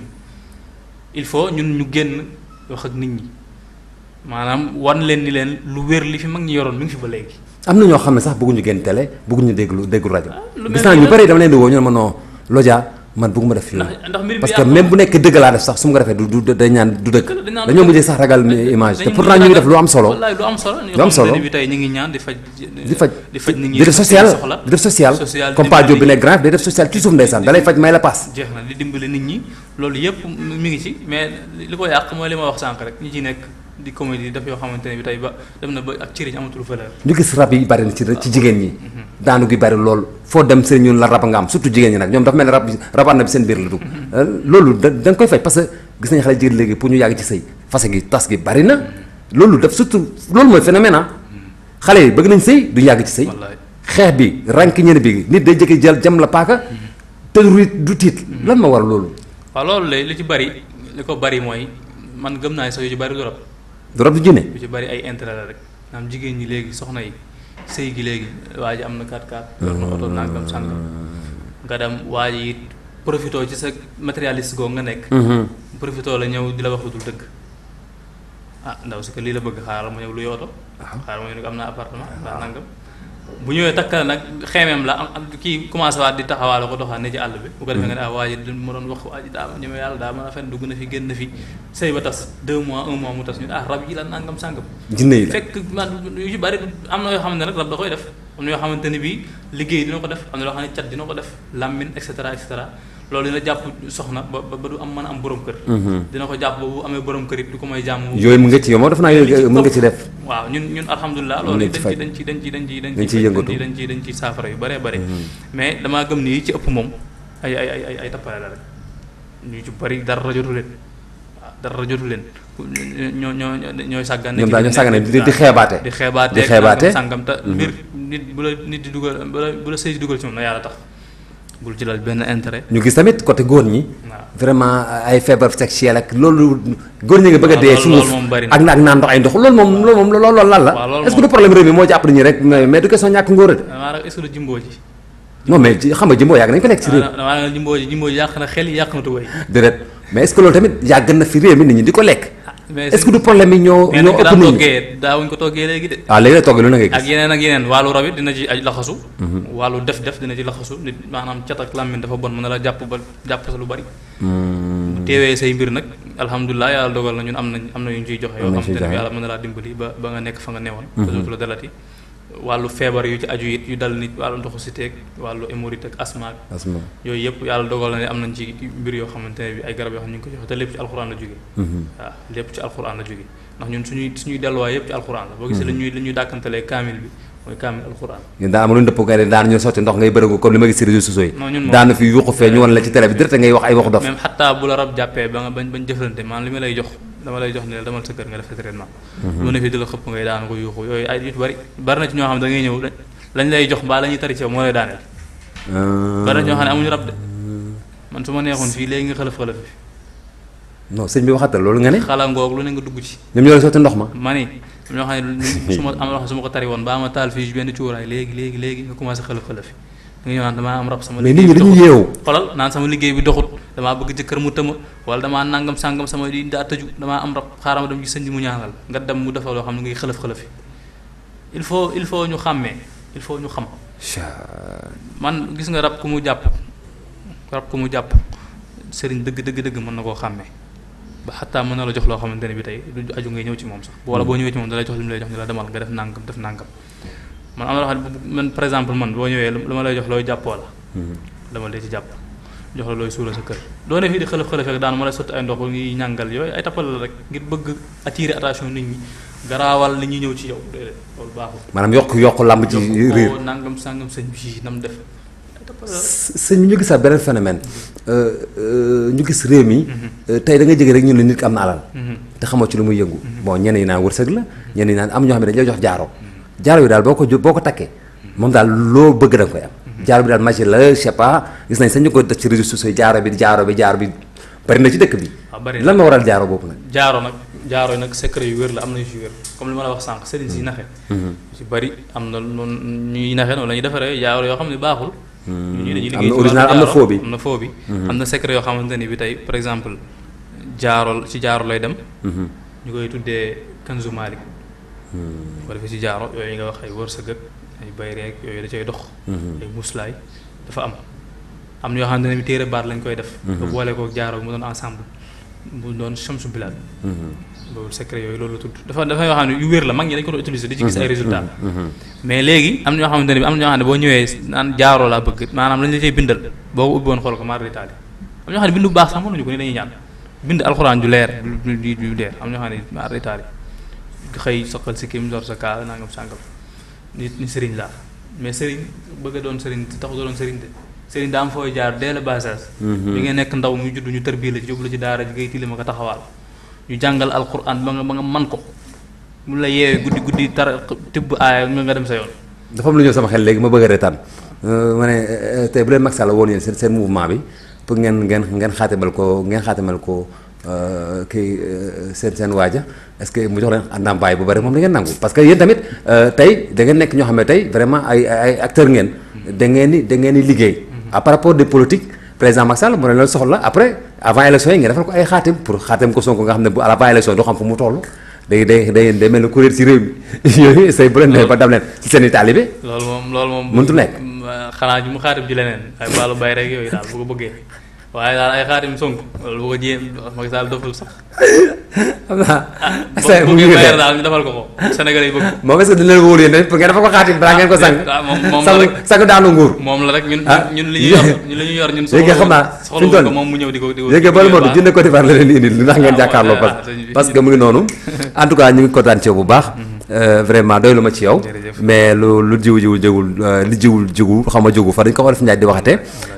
il faut ñun ñu génn wax ak nit ñi maanaam wan leen ni leen lu wér li fi mag ñi yoroon mi ngi fi ba léegi am na ñoo xam ne sax bëgguñu génn télé bëgguñu déglu déglu rajo. Ah, gis naa ñu bëri dama leen di woo ñu ne ma non Lodia man bëgguma def. ndax ndax parce que même bu nekk dëgg laa def sax su ma ko defee du du ngi def lu am solo. lu am solo lu am solo ñu ngi ñaan di faj. di social di def social. comme Pape bi nekk grand day def social ci suuf ndeysaan da lay faj may la paas. ma wax sànq rek ñi nekk di comédie def yoo xamante ne bi tey ba dem na ba ak cëriñ amatul valeur. ñu gis rab yi bari na ci ci jigéen ñi. Mhm. daanu gi bari lool foo dem seen ñun la rab nga am surtout jigéen ñi nag ñoom dafa mel ne rab rabaat na bi seen biir la dugg. Mhm. Euh, loolu da nga koy faj parce que gis nañu xale jigéen léegi pour ñu yàgg ci sëy fase gi tas gi bari na mhm. loolu daf surtout loolu mooy phénomène ah. xale yi bëgg nañ sëy du yàgg ci sëy xeex bi rànk ñene bi nit day jëkki jël jam la paaka te du tiit lan ma loolu. waaw loolu li ci bari li ko bari mooy man gëm naa ne sax yu ci du rab du jinne lu ci bari ay intérêt la rek maanaam jigéen ñi léegi soxna yi sëy gi léegi waaj am na 4-4 yor ah. na oto nangam sàngam nga dem waa ji profitoo ci sa matérialiste goo nga nekk mm-hmm. profitoo la ñëw di la wax lu dul dëgg ah ndaw si que lii la bëgg xaaral ma ñëw lu oto ah. xaaral ma ñëw ko am naa appartement ndax nangam bu ñëwee takk la nag xeemeem la am kii commencé waat di taxawaale ko doxaan ne ci àll bi bu defee nga ne ah waa ji ma doon wax waa ji daa ma ñeme yàlla daa mën a fen dugg na fi génn na fi sëy ba tas deux mois un mois mu tas ñu ah rab yi la nangam sàngam jinne yi la fekk man yu am na yoo xam ne rek rab da koy def am yoo xamante ne bii liggéey dina ko def am na loo xam ne cat dina ko def làmmin et cetera loolu dina jàpp soxna ba ba du am man am borom kër. Mhm. dina ko jàpp ba bu amee borom këri it du ko may jàmm. yooyu mën nga ci yow moom def naa yooyu mën nga ci def. waaw ñun ci dañ ci dañ ci dañ ci dañ dañ ci dañ yu bëree bëri. Mhm. mais damaa gëm ni ci ëpp moom ay ay ay ay tappale la rek ñu ci bëri dara jotu leen waaw dara jotu leen ñoo ñoo ñooy sàggane. ñoom di di di xeebaate di xeebaate sàngam te mm-hmm. mbir nit bu di dugal bu la sëy di dugal ci moom na yàlla ci lal benn intérêt. ñu gis tamit côté góor ñi. vraiment ay feebar sexuelle ak loolu. góor ñi nga bëgg a dee sunguf ak ak naan ndox ay ndox loolu moom loolu moom loolu lan la. est-ce du problème réew mi moo jàpp ni rek mais du question ñàkk ngóor a. est-ce ji. non mais xam nga jimboo yàgg nañu ko nekk ci réew. waaw jimboo jimboo ji yàq na xel yàq na tubaab yi. déedéet mais est loolu tamit yàgg na fi réew mi nit ñi di ko lekk mais est-ce que du problème yi ñoo. ñoo ëpp nit ñi daawuñ ko toggee léegi de. ah léegi la toggee lu ne gis. ak yeneen ak yeneen wàllu rab it dina ci ay laxasu. Mhm. wàllu def-def dina ci laxasu nit maanaam cat ak làmmiñ dafa bon mën na la jàpp ba jàpp sa lu bari. Hmm. bu teewee say mbir nag alhamdulilah yàlla dogal na ñun am ñu am na ñu ciy joxe. yoo xam te ne yàlla mën na laa dimbali ba ba nga nekk fa nga newoon. ba mhm. dootu la dalati wàllu feebar yu ci aju it yu dal nit wàllu ndoxu si teeg wàllu hémorroïde ak asma yooyu yëpp yàlla dogal na ne am nañ ci mbir yoo xamante ne bi ay garab yoo xam ne ñu ngi ko joxe te lépp ci alxuraan la jóge mhm. boo bi mooy kaamil alxuraan ñun daa lu ñu dëpp kay daan ñu sotti ndox ngay bërëngu comme li ma gis ci réseaux sociaux yi daanu la ci xataa bu la rab jàppee ba nga bañ bañ jëflante li ma lay jox dama lay jox ne la demal sa kër nga def sa traitement mhm. lu ne fi di la xëpp ngay daan yuuxu yooyu bari bari ci ñoo xam ne da ngay ñëw lañ lay jox mbaa la ñuy tari ci yow moo lay daaneel euh, bari ci ñoo xam ne amuñu rab de euh. man su ma neexoon fii léegi nga xalaf xalaf bi non sëñ bi waxatal loolu nga ne xalangoog lu ne nga dugg ci ñoom ñoo la sotti ndox ma ma ni ñoo xam ne [laughs] su ma am wax su ma ko tari woon baa ma taal fii benn cuuraay léegi léegi léegi nga commencé xalaf xalaf bi nga ñëwaan damaa am rab sama mais nit ñi dañu yeewu xolal naan sama liggéey bi doxut damaa bëgg jëkkër mu tëma wala damaa nangam sangam sama di daa tëju damaa am rab xaaral dem ci sëñ mu ñaanal nga dem mu defal loo xam ne ngay xëlëf xëlëfi il faut il faut ñu xàmmee il faut ñu xam man gis nga rab ku mu jàpp rab ku mu jàpp sëriñ dëgg dëgg dëgg mën na koo xàmmee ba xataa mën na la jox loo xamante ne bi tey du aju ngay ñëw ci moom sax wala boo ñëwee ci moom da lay jox lim lay jox ni la demal nga def nangam def nangam man am na loo xam ne par exemple man boo ñëwee lu ma lay jox looy jàppoo la. Mhm. dama lay ci jàpp jox la looy a sa kër. doo ne fii di xëlëf xëlëf rek daan ma lay sotti ay ndox ngi la rek ngir bëgg attirer attention nit ñi ci yow déedéet loolu maanaam yokk yokk làmb ci réer nangam sangam sëñ bi nam def. sëñ bi ñu gisaat beneen phénomène mhm. euh, euh, ñu gis réew mi mhm. euh, tey da nga jege ñu ne nit ki am na alal te xamoo ci lu muy yëngu bon ñenn yi naan wërsëg la ñenn yi naan am ñoo xam ne dañ lay jox jaaro jaaro bi daal boo ko boo ko takkee moom daal loo bëgg da nga koy am jaaro bi daal magie la je sais gis nañ sax ñu ko def ci réseaux jaaro bi jaaro bi jaaro bi ci dëkk bi ah, lan ma waral jaaro boobu jaaro nag jaaro yi nag secret yu wér la am na yu ci wér comme li ma wax sànq sëriñ si hmm. naxe hmm. ci bari am na noonu ñuy naxe noonu la ñuy defaree jaaro yoo xam ne baaxul hmm. ñu dañuy liggéey original am na faux bi na faux bi am na secret yoo xamante ni bi tey par exemple jaaro ci jaaro lay dem ñu koy tuddee kanzu malik bu hmm. ko defee si jaaro yooyu nga wax ay sa ak ay bay reek yooyu da cay dox hmm. ay muslaay dafa am am na yoo xam ne téere koy def hmm. boole ko jaaro mu doon ensemble mu doon chamsu bilaal loolu secret yooyu yu la mag ñi dañ ko doon utiliser di ci gis ay résultats mais léegi am na ñoo xamante ne bi am na ñoo xam ne boo ñëwee naan jaaroo laa bëgg maanaam lañ la cay bindal boo ko ubbi xool ko maar d'Italie am ñoo xam ne bind bu baax sax mënuñu ko ne dañuy ñaan bind alxuraan ju leer ju leer am ñoo xam ne maar d'Italie xëy soqal si kim lor sa kaala nangam sàngam nit ni sëriñ laa mais sëriñ bëgg a doon sëriñ taxu doon sëriñ de sëriñ daa am fooy jaar dès le bas âge mhm. bi nga nekk ndaw mu judd ñu tërbii la ci yóbbu la ci daara ji ngay tilima ko taxawaal ñu jàngal alquran ba nga ba nga man ko mu la yeewee guddi guddi tar tibb aaya nga nga dem sa yoon dafa am lu ñëw sama xel léegi ma bëgg a reetaan euh, ma ne euh, tey bu leen Macky Sall woon yéen seen seen bi pour ngeen ngeen ngeen xaatimal ko ngeen xaatimal ko Euh, kii euh, seen seen waaja est mu jox leen ndàmpaay bu bëri moom da ngeen nangu parce que yéen tamit euh, tey da ngeen nekk ñoo xam ne tey vraiment ay ay acteurs ngeen. da ngeen di da ngeen di liggéey. à par rapport des politiques président Macky Sall mu ne leen soxla après avant élection yi ngeen defal ko ay xaatim pour xaatim ko Sonko nga xam ne bu avant élection doo xam fu mu toll. day day day day [laughs] ba dam leen daal bu ko bëggee. waaye daal ay xaatim Sonko loolu bu ko jéem Macky Sall doful sax. xam naa. ah mu ngi daal ñu defal ko ko balaa ngeen ko ah, sang. sang daanu nguur. moom la rek ah. ñun ñun li ñu yor ñun li ñu yor ñun. soxla xam naa fi mu toll moom mu ñëw di ko di ko. léegi bala moo la leen indi ndax ngeen ah, jàkkaarloo parce que mu ngi noonu [laughs] en ñu ngi kontaan ci bu baax mhm. Euh, vraiment doy lu ma ci yow mais lu lu jiw jiw jëgul euh, li jiwul jigu xam ma jógu fa dañ ko war a def ñaaj di waxate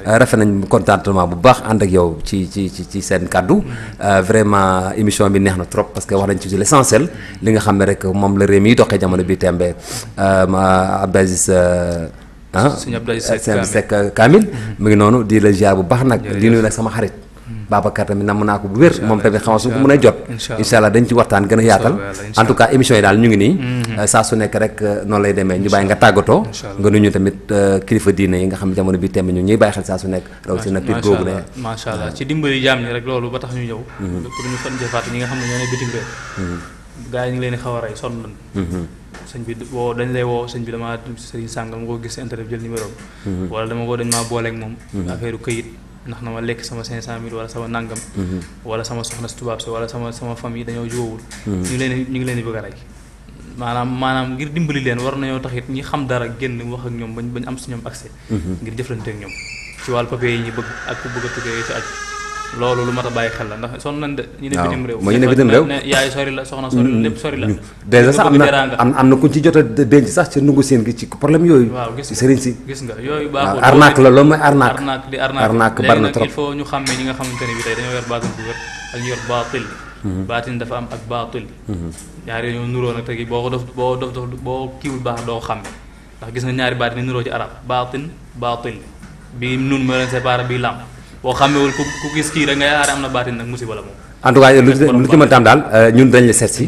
euh, rafet nañ contentement bu baax ànd ak yow ci ci ci ci seen kàddu mm-hmm. vraiment émission bi neex na trop parce que wax nañ ci l' essentiel li nga xam ne rek moom la réew mi doxee jamono bi tembe Abdou Aziz ah Abdou Aziz Seck Kamil mu mm-hmm. ngi noonu di la ziar bu baax nag di nuyu nag sama xarit Babacar tamit namm naa ko bu wér moom tamit xaw su ko mën a jot incha allah dañ ci waxtaan a yaatal en tout cas émission ñu ngi nii mm-hmm. saa euh, euh, yi nga xam jamono bi temm ñu ñuy bàyyi xel saa ne macha allah euh. ci dimbali jaam ñi rek loolu ba tax ñu ñëw mm-hmm. pour ñu fan jëfaat ñi nga xam ne ñoo mm-hmm. bi woo dañ lay woo sañ bi damaa sëriñ sàngam nga ko gis internet jël numéro wala dama ko dañ maa booleeg moom affaire këyit ndax na ma lekk sama cinq cent mille wala sama nangam. Mhm. wala sama soxna si tubaab si wala sama sama famille dañoo jubawul. Mhm. ñu ngi leen ñu ngi leen di bëgg a rey maanaam maanaam ngir dimbali leen war nañoo tax it ñi xam dara génn wax ak ñoom bañ bañ am si ñoom accès. Mhm. ngir jëflante ak ñoom ci wàllu papier yi ñu bëgg ak bëgg a tukkee ci aju. loolu lu mat a bàyyi xel la ndax sonn nañ de. ñu ne bitim réew waaw mooy ñu ne bitim réew yaay sori la soxna sori la lépp sori la. dèjà sax am na am na ku ci jot a denc sax ci nungu seen gi ci problème yooyu. waaw gis nga sëriñ si gis nga yooyu baaxul waaw arnaque la loolu mooy arnaque. arnaque di arnaque arnaque bari na trop léegi nag il faut ñu xam ne ñi nga xamante ne bi tey dañoo yor baatin bu wér ak ñu yor baatil mhm. baatin dafa am ak baatil ñaar mhm. yooyu ñoo nuroo nag tegi boo ko dof boo dof dof boo kiiwul baax doo xam ndax gis nga ñaari baatin ni nuroo ci arab baatin baatil bi nun moo leen séparé bi làmp boo xàmmewul ku ku gis kii rek nga yaakaar am na baatin nag musiba la moom. en tout lu ci lu ci mën tam daal euh, ñun dañ la seet si.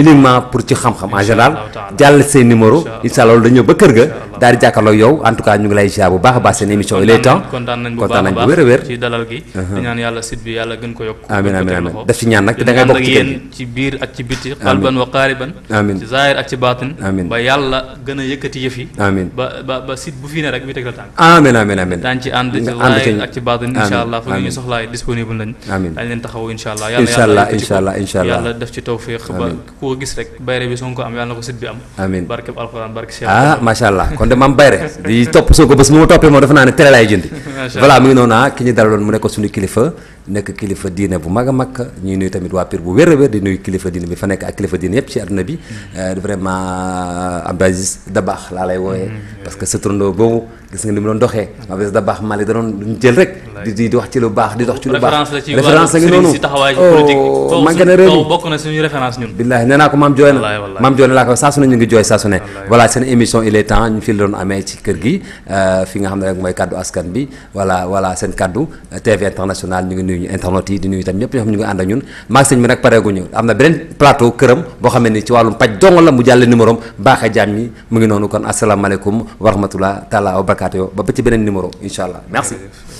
uniquement pour ci xam-xam en général. jàll say numéro incha allah loolu dañu ñëw ba kër ga. daal jakarlo yow en tout cas ñu ngi lay ziar bu baax ba sen émission il est temps kontaan nañ bu baax ci dalal gi ñaan yalla sit bi yalla gën ko yok amin amin amin daf ci ñaan nak da ngay bok ci yéen ci biir ak ci biti qalban wa qariban amin ci zahir ak ci batin amin ba yalla gën a yëkkati yëf yi amin ba ba sit bu fi ne rek bi teg la tànk amin amin amin daan ci and ci zahir ak ci batin inshallah fu ñu soxlaa disponible lañ amin dañ leen taxaw inshallah allah inshallah inshallah allah insha def ci tawfiq ba ko gis rek bayre bi son ko am yalla ko sit bi am amin barke alquran barke ah masha allah kon de Mame Bayre di topp soo ko bés mu ma toppee moom dafa naa ne tere laay jëndi [laughs] voilà mu ngi noonu ah ki ñu dalaloon mu nekkoon suñu kilifa nek kilifa diine bu maga mak ñi nuy tamit wa pir bu wér a wér di nuy kilifa diine bi fa nek ak kilifa diine yëpp ci aduna bi euh vraiment Abdou Aziz Dabax laa lay woyé mm-hmm. parce que ce tourno boobu gis nga ni mu doon doxé Abdou Aziz Dabax Mali da doon jël rek di di wax ci lu bax di dox ci lu bax référence ngi noonu man gën a réew mi bokk na suñu référence ñun billahi nee ko mam joyna mam joyna la ko sa suñu ñu ngi joy sa suñu voilà sen émission il est temps ñu fi la doon amee ci kër gi euh fi nga xamné rek moy cadeau askan bi voilà voilà sen cadeau euh, TV international ñu ngi nuyu internet yi di nuyu itam ñëpp ñoo xam ñu ngi ànd ak ñun maag sëñ bi nag pareeguñu am na beneen plateau këram boo xam ni ci wàllum paj dong la mu jàlle numéro am baaxe jaam yi mu ngi noonu kon asalaamaaleykum wa rahmatullah taala wa barakaatu ba ba ci beneen numéro incha allah merci